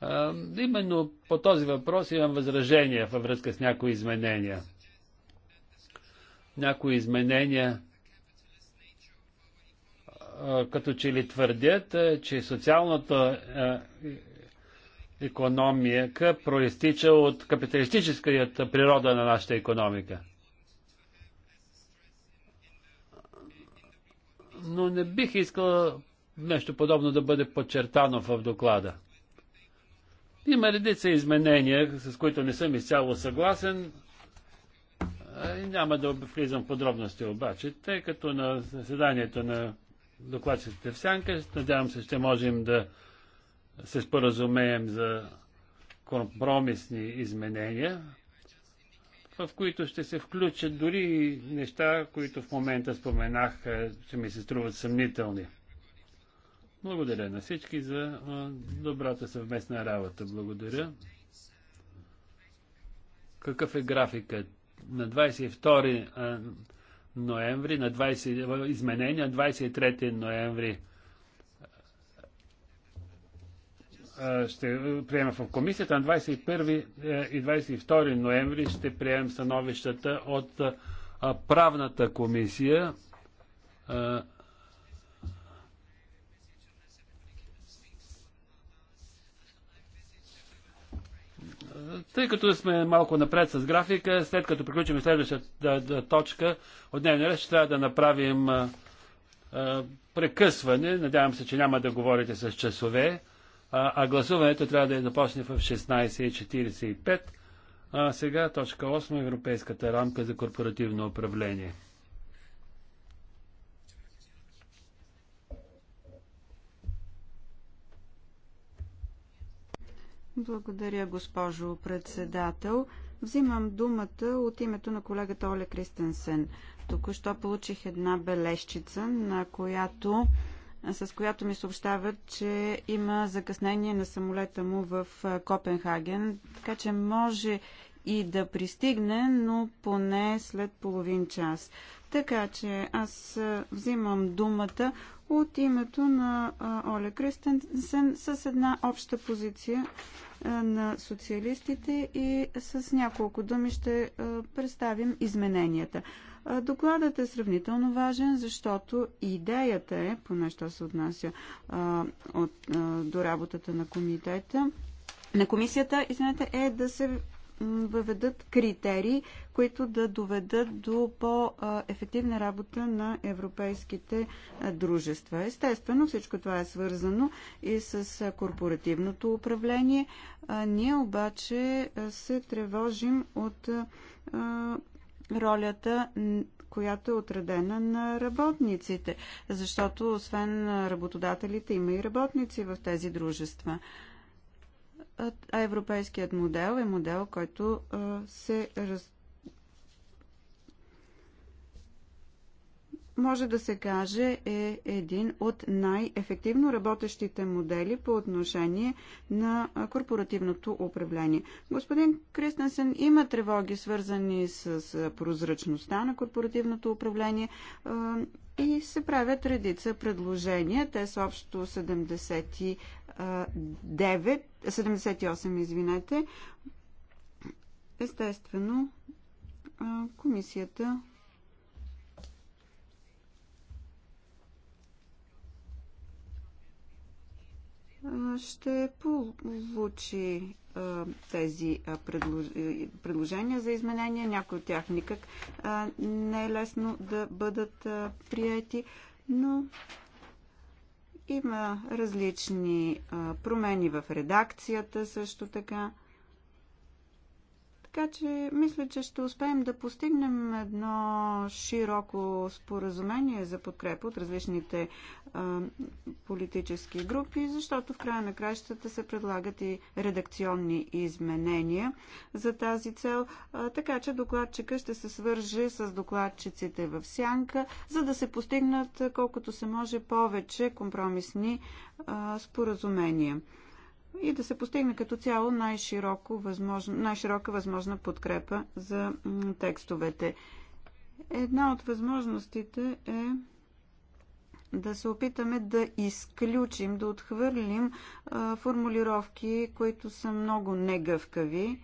А, именно по този въпрос имам възражения във връзка с някои изменения. Някои изменения като че ли твърдят, че социалната економика проистича от капиталистическата природа на нашата економика. Но не бих искала нещо подобно да бъде подчертано в доклада. Има редица изменения, с които не съм изцяло съгласен. И няма да влизам в подробности обаче, тъй като на заседанието на докладчиците в Сянка, надявам се, ще можем да се споразумеем за компромисни изменения, в които ще се включат дори неща, които в момента споменах, е, че ми се струват съмнителни. Благодаря на всички за е, добрата съвместна работа. Благодаря. Какъв е графикът? На 22 е, ноември, на 20, изменения 23 ноември ще приема в комисията. На 21 и 22 е, ноември ще приемем становищата от правната комисия. Тъй като сме малко напред с графика, след като приключим следващата точка от дневния ред, ще трябва да направим прекъсване. Надявам се, че няма да говорите с часове. А, а гласуването трябва да е започне в 16.45. А сега точка 8. Европейската рамка за корпоративно управление. Благодаря, госпожо председател. Взимам думата от името на колегата Оля Кристенсен. Току-що получих една бележчица, на която с която ми съобщават, че има закъснение на самолета му в Копенхаген, така че може и да пристигне, но поне след половин час. Така че аз взимам думата от името на Оля Кристенсен с една обща позиция на социалистите и с няколко думи ще представим измененията. Докладът е сравнително важен, защото идеята е, поне що се отнася а, от, а, до работата на комитета, на комисията, извинете, е да се въведат критерии, които да доведат до по-ефективна работа на европейските дружества. Естествено, всичко това е свързано и с корпоративното управление. Ние обаче се тревожим от ролята, която е отредена на работниците, защото освен работодателите има и работници в тези дружества. А европейският модел е модел, който се разпределя може да се каже е един от най-ефективно работещите модели по отношение на корпоративното управление. Господин Кристенсен има тревоги свързани с прозрачността на корпоративното управление и се правят редица предложения. Те са общо 79, 78, извинете. Естествено, комисията ще получи тези предложения за изменения. Някои от тях никак не е лесно да бъдат приети, но има различни промени в редакцията също така. Така че мисля, че ще успеем да постигнем едно широко споразумение за подкрепа от различните а, политически групи, защото в края на краищата се предлагат и редакционни изменения за тази цел, а, така че докладчика ще се свържи с докладчиците в сянка, за да се постигнат колкото се може повече компромисни а, споразумения и да се постигне като цяло най-широко възможно, най-широка възможна подкрепа за текстовете. Една от възможностите е да се опитаме да изключим, да отхвърлим а, формулировки, които са много негъвкави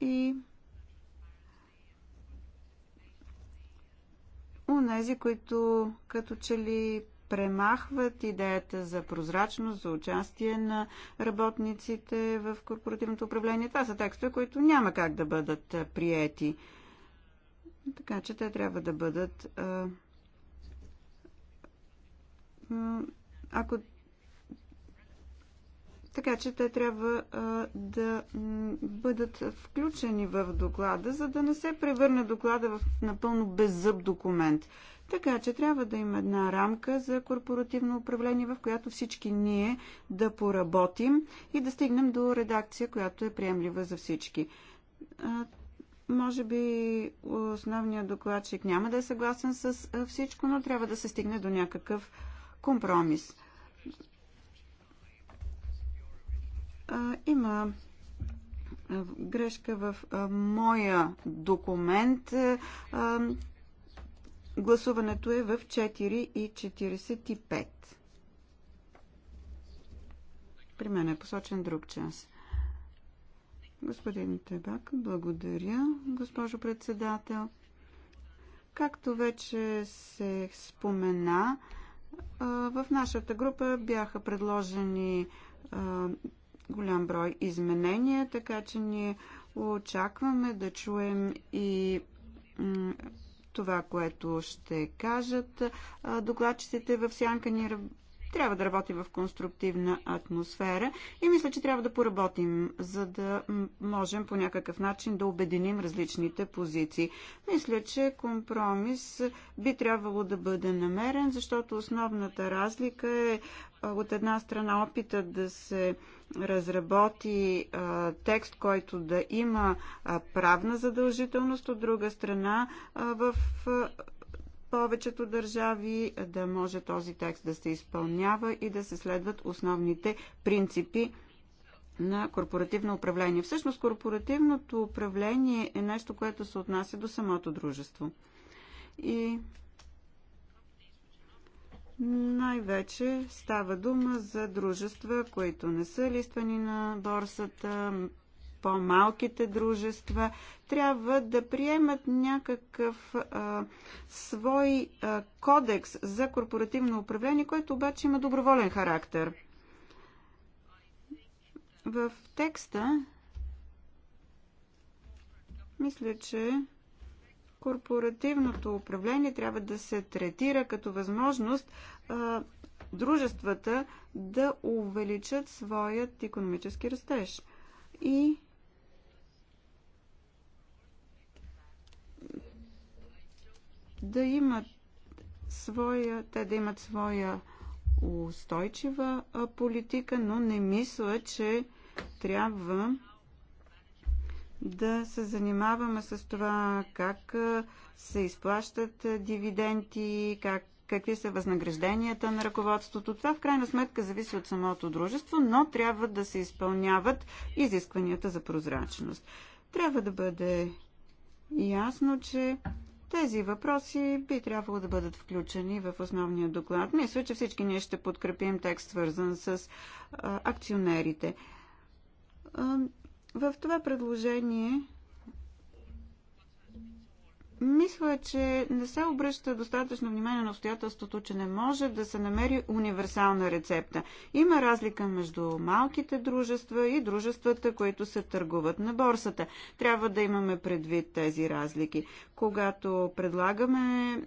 и нези, които като че ли премахват идеята за прозрачност, за участие на работниците в корпоративното управление. Това са текстове, които няма как да бъдат приети. Така че те трябва да бъдат. Ако така че те трябва а, да бъдат включени в доклада, за да не се превърне доклада в напълно беззъб документ. Така че трябва да има една рамка за корпоративно управление, в която всички ние да поработим и да стигнем до редакция, която е приемлива за всички. Може би основният докладчик няма да е съгласен с всичко, но трябва да се стигне до някакъв компромис. Има грешка в моя документ. Гласуването е в 4 и 45. При мен е посочен друг час. Господин Тебак, благодаря, госпожо председател. Както вече се спомена, в нашата група бяха предложени голям брой изменения, така че ние очакваме да чуем и това, което ще кажат докладчиците в сянка. Ние трябва да работим в конструктивна атмосфера и мисля, че трябва да поработим, за да можем по някакъв начин да обединим различните позиции. Мисля, че компромис би трябвало да бъде намерен, защото основната разлика е от една страна опита да се разработи а, текст, който да има а, правна задължителност, от друга страна а, в а, повечето държави да може този текст да се изпълнява и да се следват основните принципи на корпоративно управление. Всъщност корпоративното управление е нещо, което се отнася до самото дружество. И най-вече става дума за дружества, които не са листвани на борсата, по-малките дружества, трябва да приемат някакъв а, свой а, кодекс за корпоративно управление, който обаче има доброволен характер. В текста мисля, че корпоративното управление трябва да се третира като възможност а, дружествата да увеличат своят економически растеж. И да имат своя, те да имат своя устойчива политика, но не мисля, че трябва да се занимаваме с това как се изплащат дивиденти, как, какви са възнагражденията на ръководството. Това в крайна сметка зависи от самото дружество, но трябва да се изпълняват изискванията за прозрачност. Трябва да бъде ясно, че тези въпроси би трябвало да бъдат включени в основния доклад. Мисля, че всички ние ще подкрепим текст, свързан с акционерите. В това предложение мисля, че не се обръща достатъчно внимание на обстоятелството, че не може да се намери универсална рецепта. Има разлика между малките дружества и дружествата, които се търгуват на борсата. Трябва да имаме предвид тези разлики. Когато предлагаме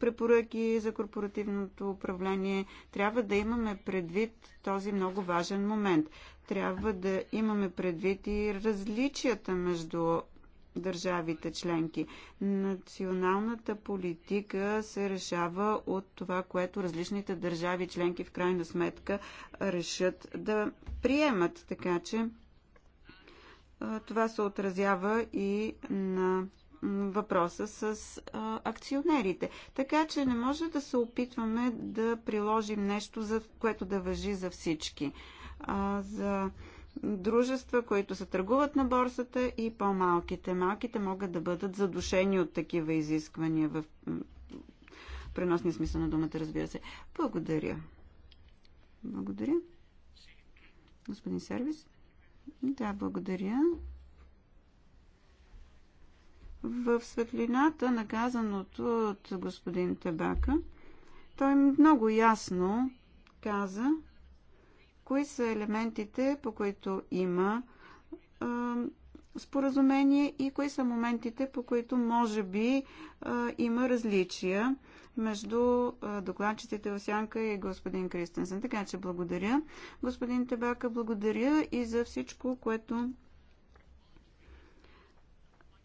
препоръки за корпоративното управление, трябва да имаме предвид този много важен момент трябва да имаме предвид и различията между държавите членки. Националната политика се решава от това, което различните държави членки в крайна сметка решат да приемат. Така че това се отразява и на въпроса с а, акционерите. Така че не може да се опитваме да приложим нещо, за което да въжи за всички. А, за дружества, които се търгуват на борсата и по-малките. Малките могат да бъдат задушени от такива изисквания в преносния смисъл на думата, разбира се. Благодаря. Благодаря. Господин Сервис? Да, благодаря. В светлината на казаното от господин Табака, той много ясно каза, кои са елементите, по които има споразумение и кои са моментите, по които може би има различия между докладчиците Осянка и господин Кристенсен. Така че благодаря. Господин Тебака, благодаря и за всичко, което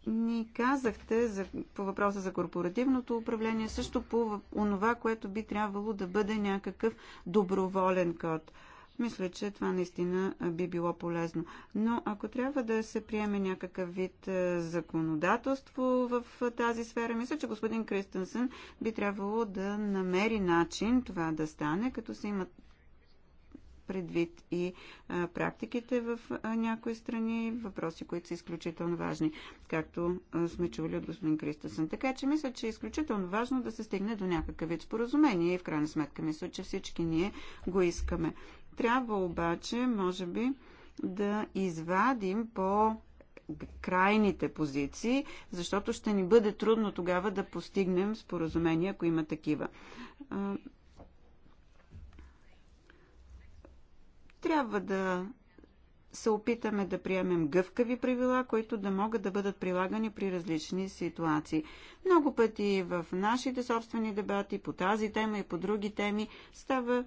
ни казахте за, по въпроса за корпоративното управление, също по онова, което би трябвало да бъде някакъв доброволен код. Мисля, че това наистина би било полезно. Но ако трябва да се приеме някакъв вид законодателство в тази сфера, мисля, че господин Кристенсен би трябвало да намери начин това да стане, като се имат предвид и а, практиките в а, някои страни, въпроси, които са изключително важни, както а, сме чували от господин Кристосън. Така че мисля, че е изключително важно да се стигне до някакъв вид споразумение и в крайна сметка мисля, че всички ние го искаме. Трябва обаче, може би, да извадим по крайните позиции, защото ще ни бъде трудно тогава да постигнем споразумения, ако има такива. Трябва да се опитаме да приемем гъвкави правила, които да могат да бъдат прилагани при различни ситуации. Много пъти в нашите собствени дебати по тази тема и по други теми става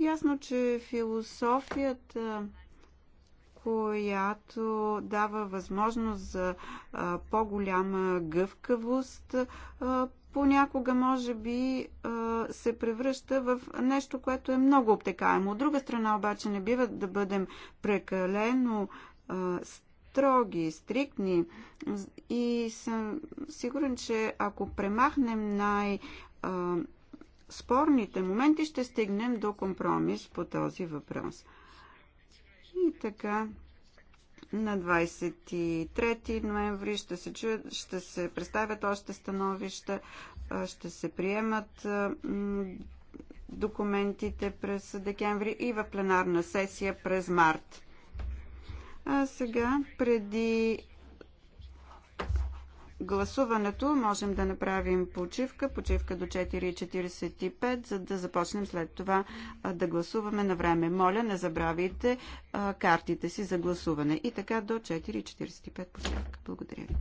Ясно, че философията, която дава възможност за по-голяма гъвкавост, понякога може би се превръща в нещо, което е много обтекаемо. От друга страна обаче не бива да бъдем прекалено строги, стриктни и съм сигурен, че ако премахнем най- спорните моменти ще стигнем до компромис по този въпрос. И така, на 23 ноември ще се, чуят, ще се представят още становища, ще се приемат документите през декември и в пленарна сесия през март. А сега, преди гласуването можем да направим почивка, почивка до 4.45, за да започнем след това да гласуваме на време. Моля, не забравяйте картите си за гласуване. И така до 4.45 почивка. Благодаря ви.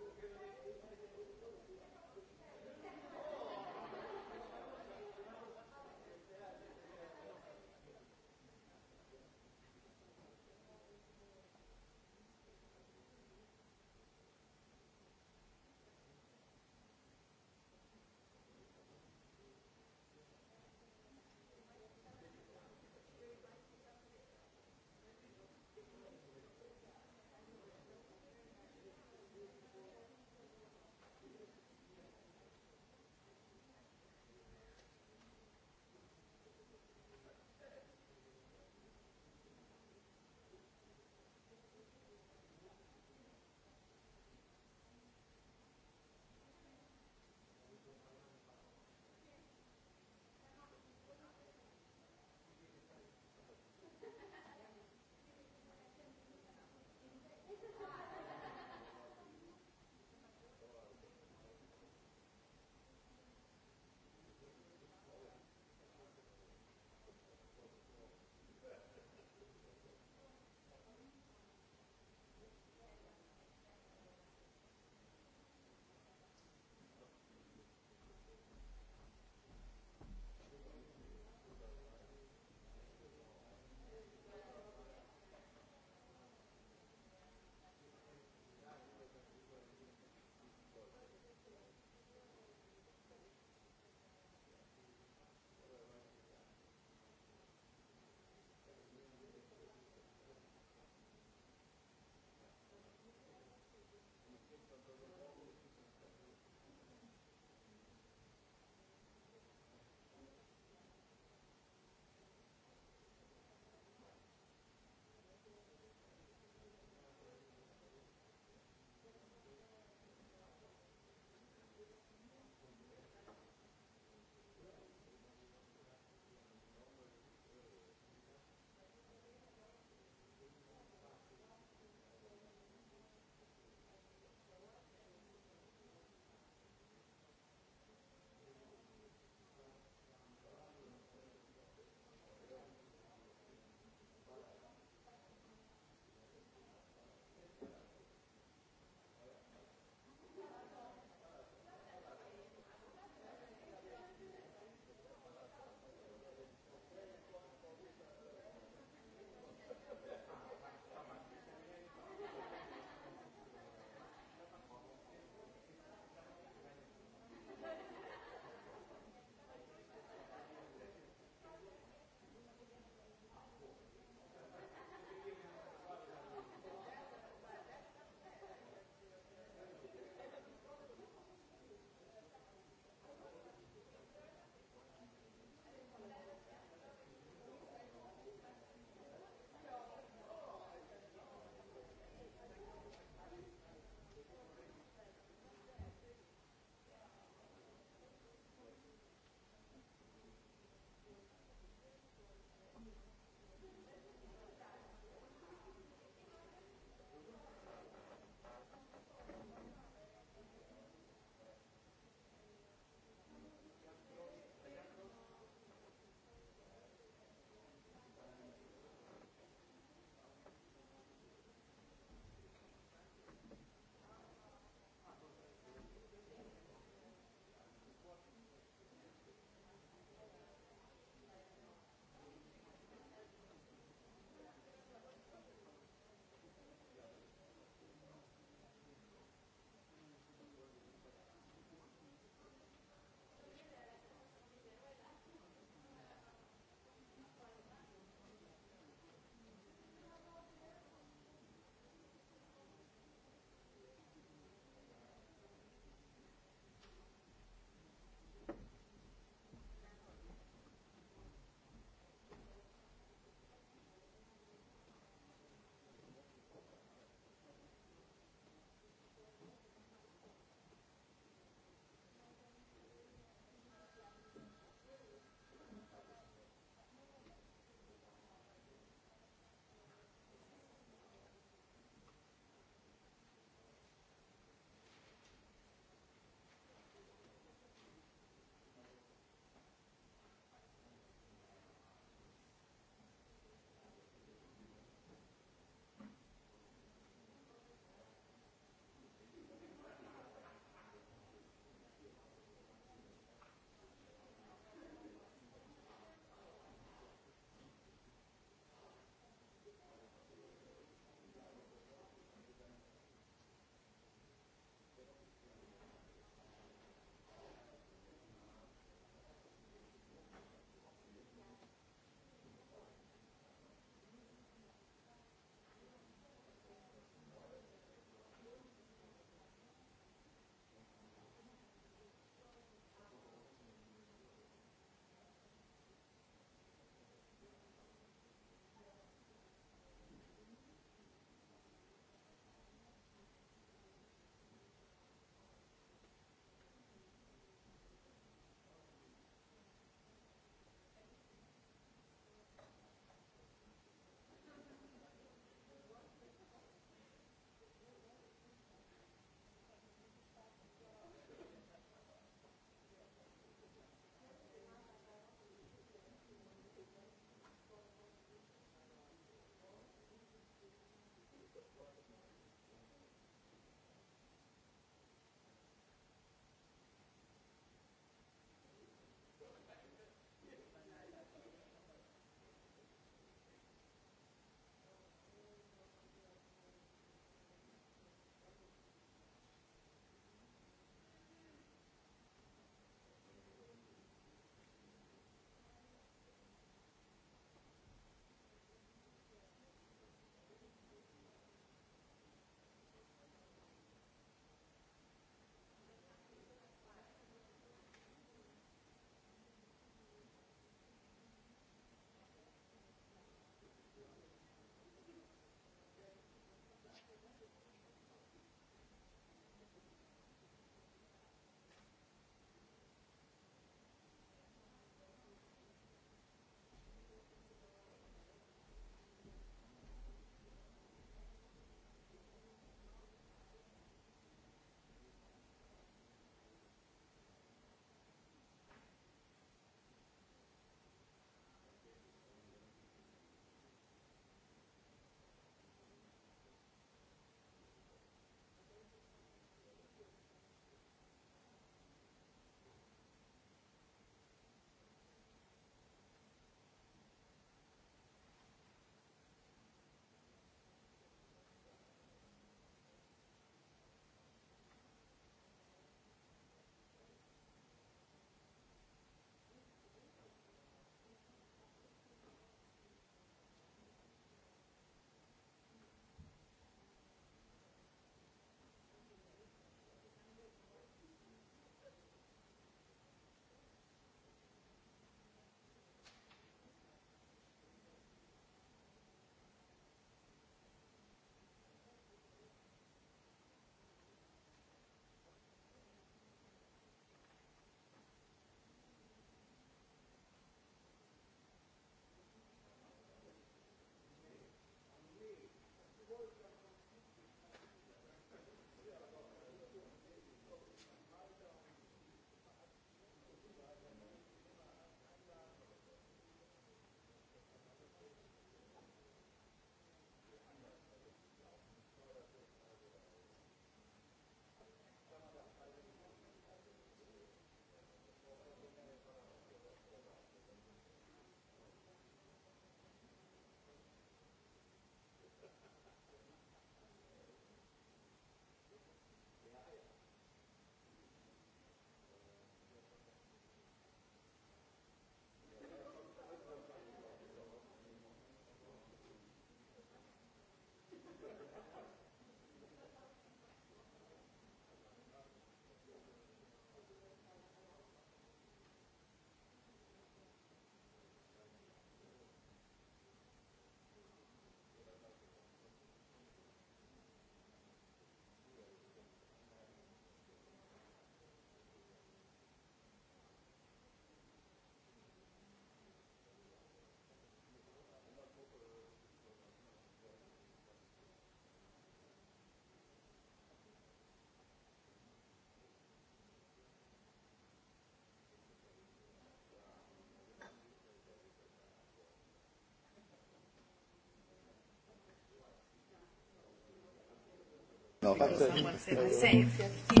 no, but, uh,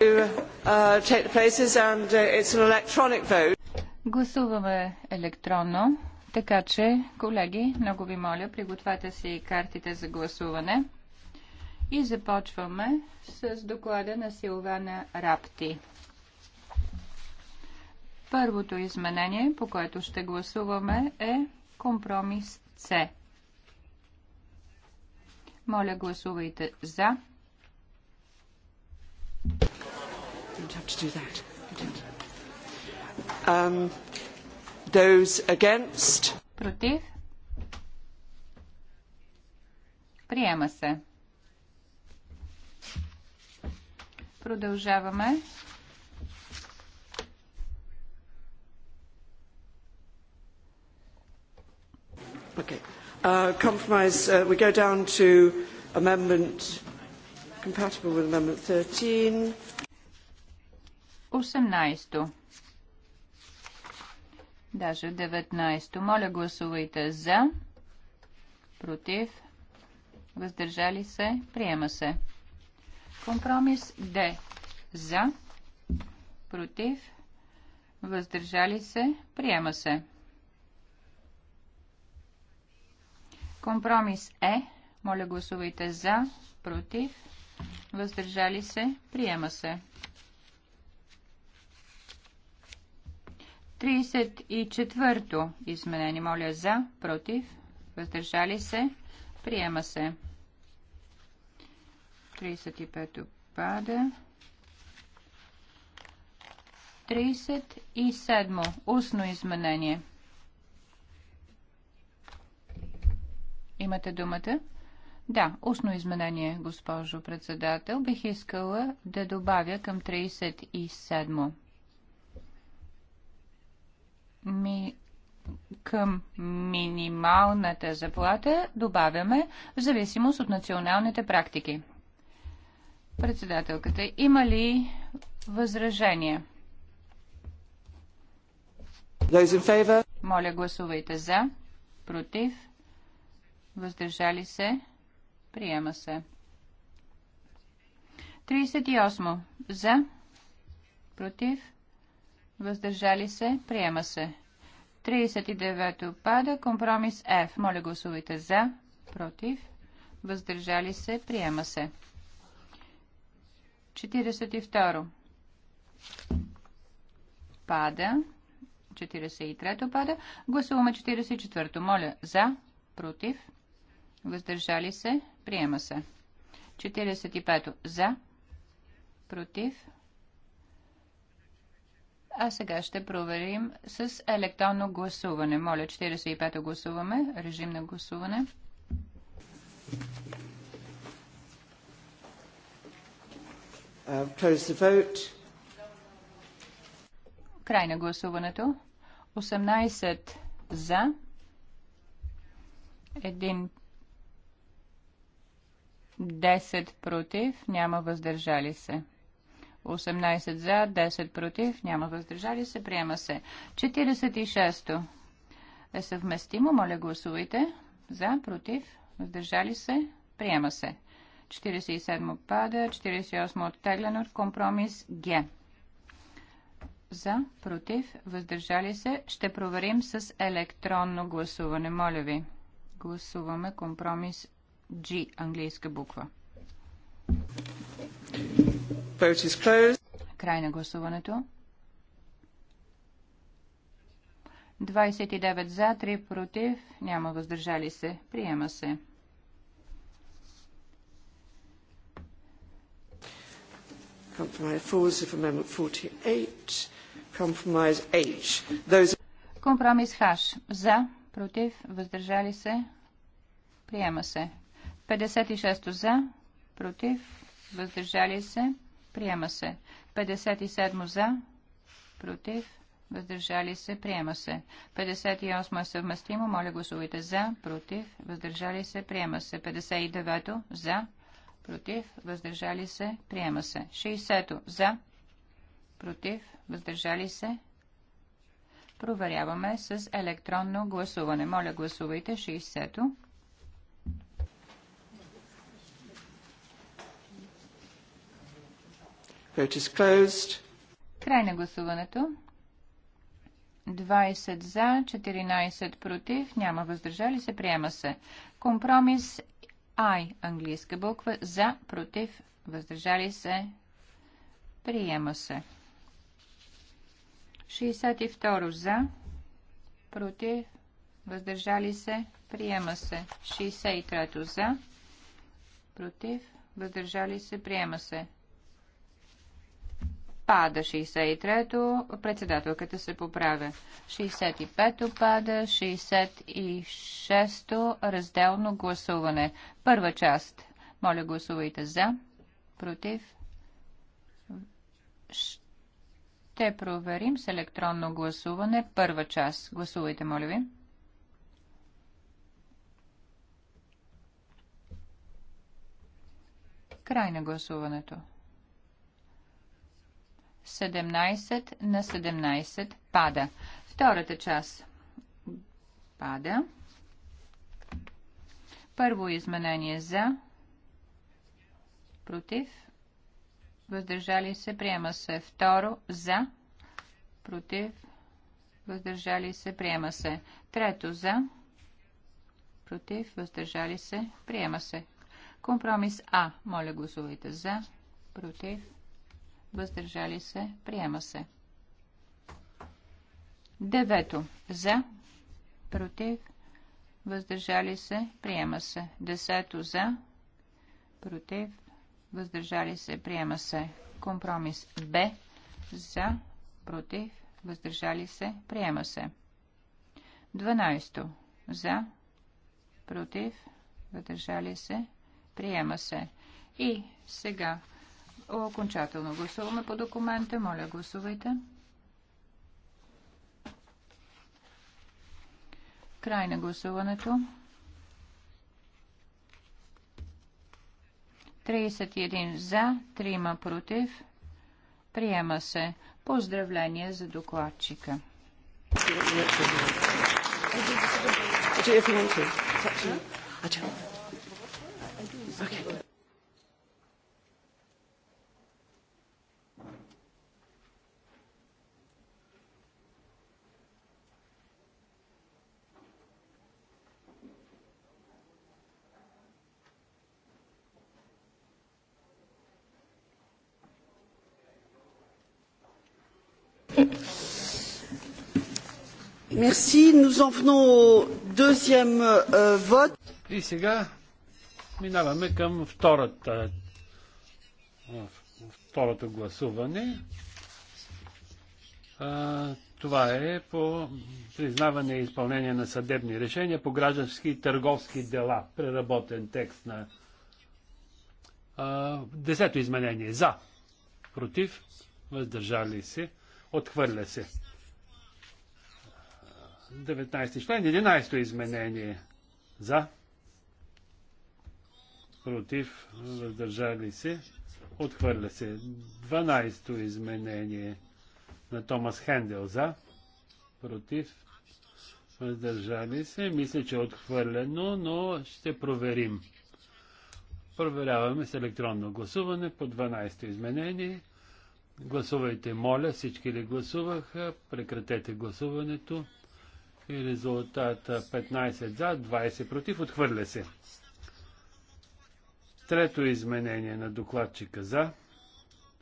Uh, uh, гласуваме електронно, така че, колеги, много ви моля, пригответе си картите за гласуване. И започваме с доклада на Силвана Рапти. Първото изменение, по което ще гласуваме, е компромис С. Моля, гласувайте за. don't have to do that. Um, those against. Против. Приема се. Продължаваме. Okay. Uh, compromise, uh, we go down to amendment compatible with amendment 13. 18. Даже 19. Моля гласувайте за, против, въздържали се, приема се. Компромис Д. За, против, въздържали се, приема се. Компромис Е. Моля гласувайте за, против, въздържали се, приема се. 34-то изменение. Моля за, против, въздържали се, приема се. 35-то пада. 37-мо устно изменение. Имате думата? Да, устно изменение, госпожо председател. Бих искала да добавя към 37-мо ми, към минималната заплата добавяме в зависимост от националните практики. Председателката, има ли възражение? Моля, гласувайте за, против, въздържали се, приема се. 38. За, против, въздържали се, приема се. 39 пада, компромис F. Моля гласувайте за, против, въздържали се, приема се. 42 пада, 43 пада, гласуваме 44 Моля за, против, въздържали се, приема се. 45 за, против, а сега ще проверим с електронно гласуване. Моля, 45-то гласуваме. Режим на гласуване. Uh, Край на гласуването. 18 за. Един 10 против, няма въздържали се. 18 за, 10 против, няма въздържали се, приема се. 46-то е съвместимо, моля гласувайте. За, против, въздържали се, приема се. 47 пада, 48 оттеглено от компромис Г. За, против, въздържали се, ще проверим с електронно гласуване, моля ви. Гласуваме компромис G, английска буква. Vote is closed. Край на гласуването. 29 за, 3 против, няма въздържали се. Приема се. Компромис Хаш. За, против, въздържали се. Приема се. 56 за, против, въздържали се. Приема се. 57 за. Против. Въздържали се. Приема се. 58 е съвместимо. Моля гласувайте за. Против. Въздържали се. Приема се. 59 за. Против. Въздържали се. Приема се. 60 за. Против. Въздържали се. Проверяваме с електронно гласуване. Моля гласувайте 60-то. Vote is closed. Край на гласуването. 20 за, 14 против, няма въздържали се, приема се. Компромис I, английска буква, за, против, въздържали се, приема се. 62 за, против, въздържали се, приема се. 63 за, против, въздържали се, приема се пада 63-то, председателката се поправя. 65-то пада, 66-то разделно гласуване. Първа част. Моля гласувайте за, против. Ще проверим с електронно гласуване. Първа част. Гласувайте, моля ви. Край на гласуването. 17 на 17 пада. Втората част пада. Първо изменение за, против, въздържали се, приема се. Второ за, против, въздържали се, приема се. Трето за, против, въздържали се, приема се. Компромис А. Моля гласувайте за, против, въздържали се, приема се. Девето. За, против, въздържали се, приема се. Десето. За, против, въздържали се, приема се. Компромис Б. За, против, въздържали се, приема се. Дванайсто. За, против, въздържали се, приема се. И сега Окончателно гласуваме по документа. Моля, гласувайте. Край на гласуването. 31 за, 3 против. Приема се. Поздравление за докладчика. Okay. Merci. Nous en venons au deuxième euh, vote. И сега минаваме към втората, второто гласуване. А, това е по признаване и изпълнение на съдебни решения по граждански и търговски дела. Преработен текст на а, десето изменение. За, против, въздържали се, отхвърля се. 19 член, 11 то изменение. За. Против. Въздържали се. Отхвърля се. 12 изменение на Томас Хендел. За. Против. Въздържали се. Мисля, че е отхвърлено, но ще проверим. Проверяваме с електронно гласуване по 12 то изменение. Гласувайте, моля. Всички ли гласуваха? Прекратете гласуването и резултат 15 за, 20 против, отхвърля се. Трето изменение на докладчика за,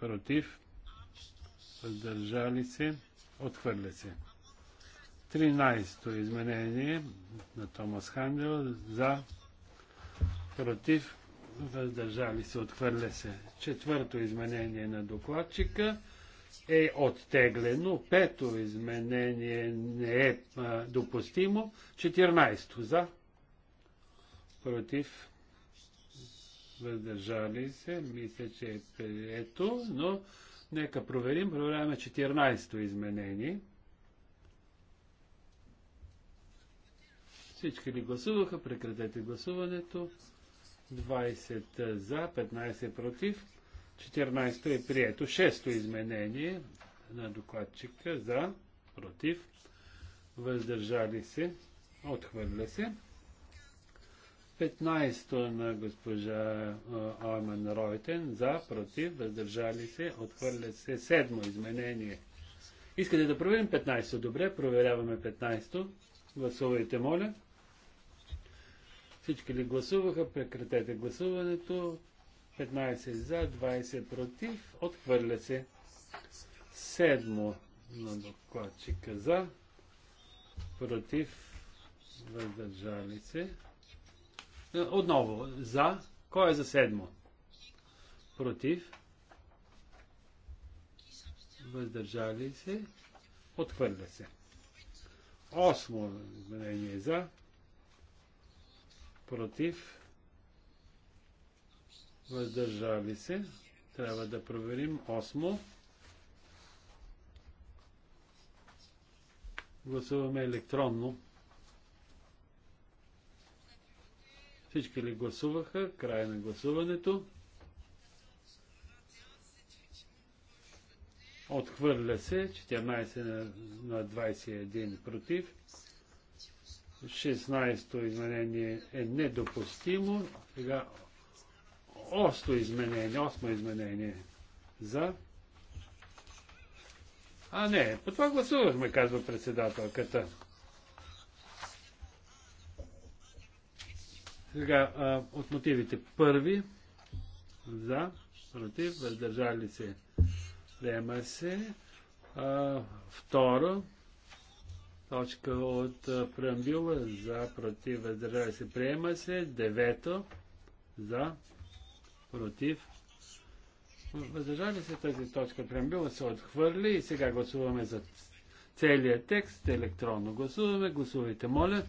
против, въздържали се, отхвърля се. 13-то изменение на Томас Хандел за, против, въздържали се, отхвърля се. Четвърто изменение на докладчика е оттеглено, пето изменение не е а, допустимо, 14 за, против, въздържали се, мисля, че е прието, но нека проверим, проверяваме 14-то изменение. Всички ли гласуваха? Прекратете гласуването. 20 за, 15 против. 14 е прието. Шесто изменение на докладчика за, против, въздържали се, отхвърля се. 15-то на госпожа Айман Ройтен за, против, въздържали се, отхвърля се. Седмо изменение. Искате да проверим 15-то? Добре, проверяваме 15-то. Гласувайте, моля. Всички ли гласуваха? Прекратете гласуването. 15 за, 20 против. Отхвърля се. Седмо на докладчика за, против, въздържали се. Е, отново за. Кой е за седмо? Против. Въздържали се. Отхвърля се. Осмо мнение за. Против въздържали се. Трябва да проверим. Осмо. Гласуваме електронно. Всички ли гласуваха? Край на гласуването. Отхвърля се 14 на, на 21 против. 16-то изменение е недопустимо. Сега Осто изменение, осмо изменение. За. А, не, по това гласувахме, казва председателката. Сега, а, от мотивите първи. За, против, въздържали се. Приема се. А, второ, точка от преамбюла за против въздържали се. Приема се. Девето за против. Въздържали се тази точка. Преамбила се отхвърли и сега гласуваме за целият текст. Електронно гласуваме. Гласувайте, моля.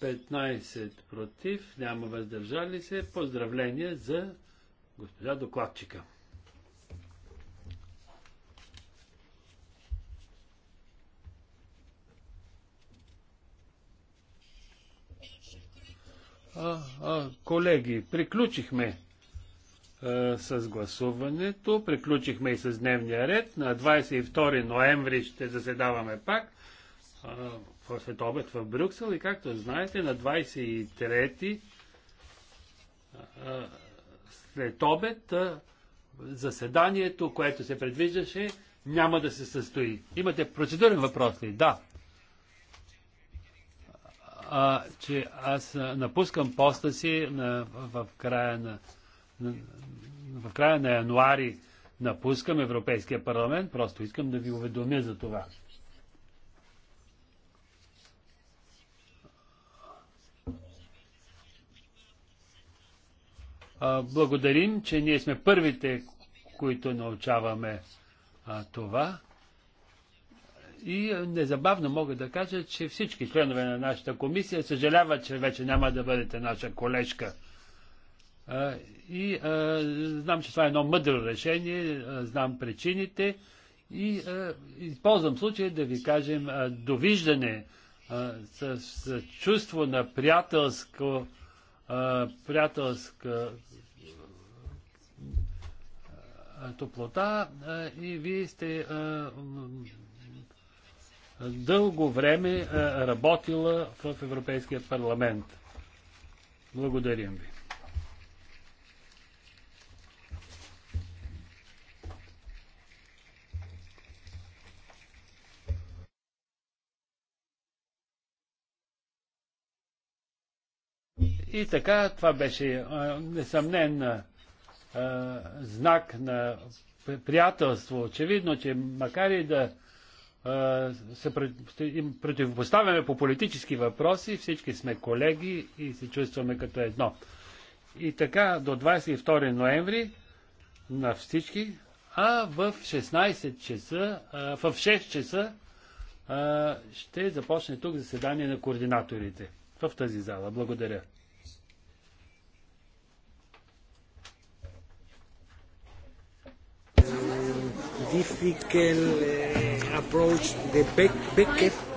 Петнайсет против, няма въздържали се. Поздравления за госпожа докладчика. А, а, колеги, приключихме а, е, с гласуването, приключихме и с дневния ред. На 22 ноември ще заседаваме пак а, след обед в Брюксел и както знаете на 23 след обед заседанието, което се предвиждаше, няма да се състои. Имате процедурен въпрос ли? Да. А, че аз напускам поста си на, в, края на, на, в края на януари напускам Европейския парламент. Просто искам да ви уведомя за това. благодарим, че ние сме първите, които научаваме а, това. И незабавно мога да кажа, че всички членове на нашата комисия съжаляват, че вече няма да бъдете наша колежка. А, и а, знам, че това е едно мъдро решение, а, знам причините и а, използвам случая да ви кажем а, довиждане а, с, с чувство на приятелско, топлота и вие сте дълго време работила в Европейския парламент. Благодарим ви. И така, това беше несъмнена а, знак на приятелство. Очевидно, че макар и да а, се противопоставяме по политически въпроси, всички сме колеги и се чувстваме като едно. И така до 22 ноември на всички, а в 16 часа, а, в 6 часа ще започне тук заседание на координаторите в тази зала. Благодаря. difficult uh, approach, the Beckett back